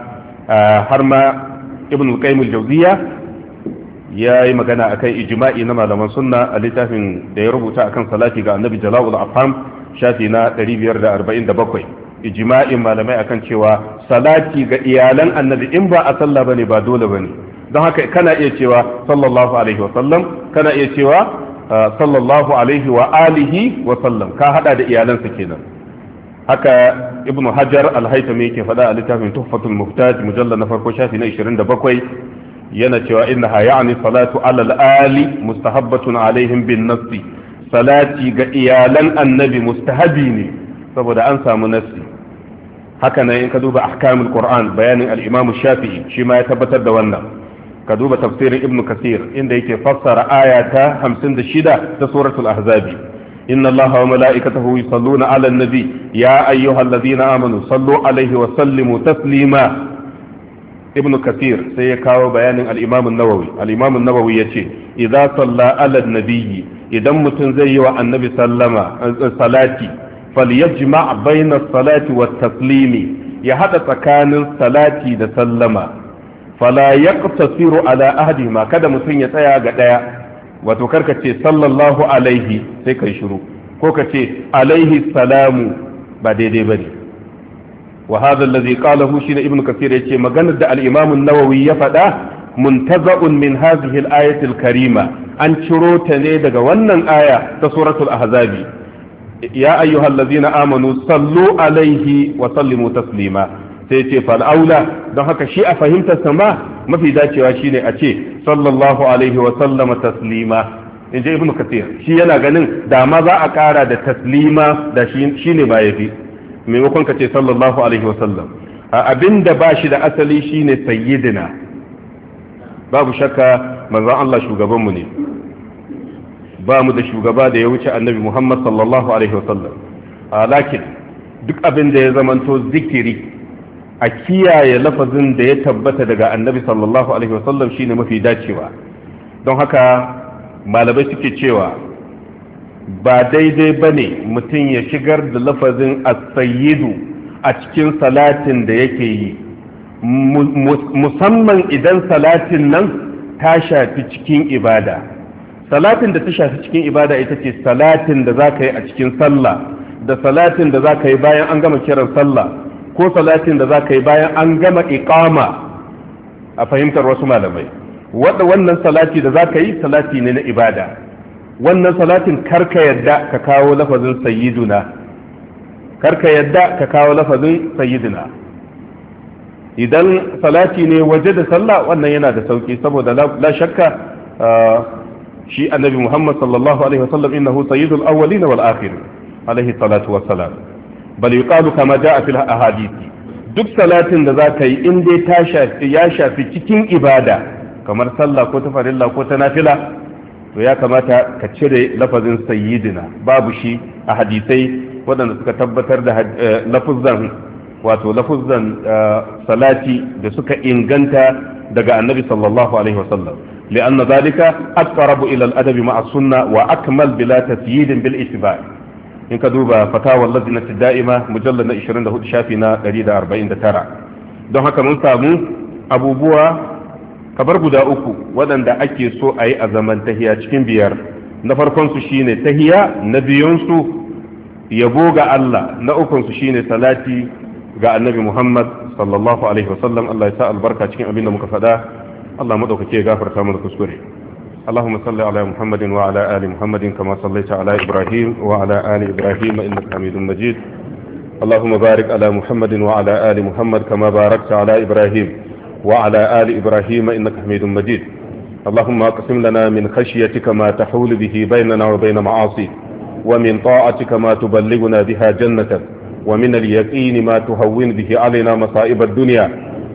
har ma ibn al Jauziya ya yi magana a akan ijima'i na malaman sunna a littafin da ya rubuta akan salati ga annabi jala'ul afham shafi na 547 ijma'in malamai akan cewa salati ga iyalan annabi in ba a sallah bane ba dole bane don haka kana iya cewa sallallahu alaihi wa sallam kana iya cewa uh, sallallahu alaihi wa alihi wa sallam ka hada da iyalansa kenan haka ibnu hajar al-haytami yake faɗa a littafin tuhfatul muhtaj mujallal na farko shafi na 27 yana cewa innaha ya'ni salatu alal ali mustahabbatun alaihim bin nafsi salati ga iyalan annabi mustahabi ne saboda an samu nafsi haka nan in ka duba ahkamul qur'an bayanin al-imam shafi'i shi ma ya tabbatar da wannan ka duba tafsirin ibnu kasir inda yake fassara aya ta shida ta suratul ahzabi inna allaha wa mala'ikatahu yusalluna 'alan nabi ya ayyuhalladhina amanu sallu 'alaihi wa sallimu taslima ibnu kasir sai ya kawo bayanin al-imam an-nawawi al-imam an-nawawi yace idza salla idan mutum zai yi wa annabi sallama eh, salati falyajma' bayna salati taslimi ya haɗa tsakanin salati da sallama fala yaqtasiru ala ma kada mutum ya tsaya ga ɗaya. wato karka ce sallallahu alaihi sai kai shiru ko ka ce alaihi salamu ba daidai bane wa hadha alladhi hu shi ibn kathir yace maganar da al-imam an-nawawi ya faɗa muntaza'un min hadhihi al-ayati al-karima an ciro ta ne daga wannan aya ta suratul ahzabi ya ayyuhallazina amanu sallu alaihi wa sallimu taslima sai ce fal'aula don haka shi a fahimtar sama mafi dacewa shine a ce sallallahu alaihi wa sallama taslima in ji ibnu kathir shi yana ganin da ma za a kara da taslima da shine ba yafi maimakon ka ce sallallahu alaihi wa sallam abinda ba shi da asali shine sayyidina babu shakka manzon Allah shugaban mu ne ba mu da shugaba da ya wuce annabi Muhammad sallallahu alaihi wa sallam lakin duk abin da ya zamanto zikiri a kiyaye lafazin da ya tabbata daga annabi sallallahu alaihi wasallam shine mafi dacewa don haka malamai suke cewa ba daidai ba ne mutum ya shigar da lafazin asayidu a cikin salatin da yake yi musamman idan salatin nan ta shafi cikin ibada salatin da ta shafi cikin ibada ita ce salatin da za ka yi a cikin sallah da salatin da za ka yi bayan an gama kiran sallah ko salatin da za ka yi bayan an gama iqama a fahimtar wasu malamai wadda wannan salati da za ka yi salati ne na ibada wannan salatin karka yadda ka kawo lafazin sayyiduna karka yadda ka kawo lafazin sayyiduna idan salati ne waje da sallah wannan yana da sauki saboda la shakka ah, shi annabi muhammad sallallahu alaihi wasallam innahu sayyidul awwalin wal akhirin alaihi salatu wassalam bal yuqalu kama jaa fil ahadisi duk salatin da za ka yi in dai ta shafi ya shafi cikin ibada kamar sallah ko ta farilla ko ta nafila to ya kamata ka cire lafazin sayyidina babu shi a hadisai waɗanda suka tabbatar da eh, lafuzan wato lafuzan eh, salati da suka inganta daga annabi sallallahu alaihi wasallam لأن ذلك أقرب إلى الأدب مع bila وأكمل بلا تسييد بالإتباع in ka duba fatawar fatawa ta da'ima mujallar na 24 shafi na 149 don haka mun samu abubuwa kabar guda uku waɗanda ake so a yi a zaman tahiya cikin biyar na farkonsu shine tahiya na biyunsu yabo ga Allah na ukunsu shine salati ga annabi Muhammad sallallahu alaihi wasallam Allah ya sa albarka cikin abin da muka faɗa Allah madaukake ya gafarta mana kuskure اللهم صل على محمد وعلى آل محمد كما صليت على إبراهيم وعلى آل إبراهيم إنك حميد مجيد اللهم بارك على محمد وعلى آل محمد كما باركت على إبراهيم وعلى آل إبراهيم إنك حميد مجيد اللهم اقسم لنا من خشيتك ما تحول به بيننا وبين معاصيك ومن طاعتك ما تبلغنا بها جنتك ومن اليقين ما تهون به علينا مصائب الدنيا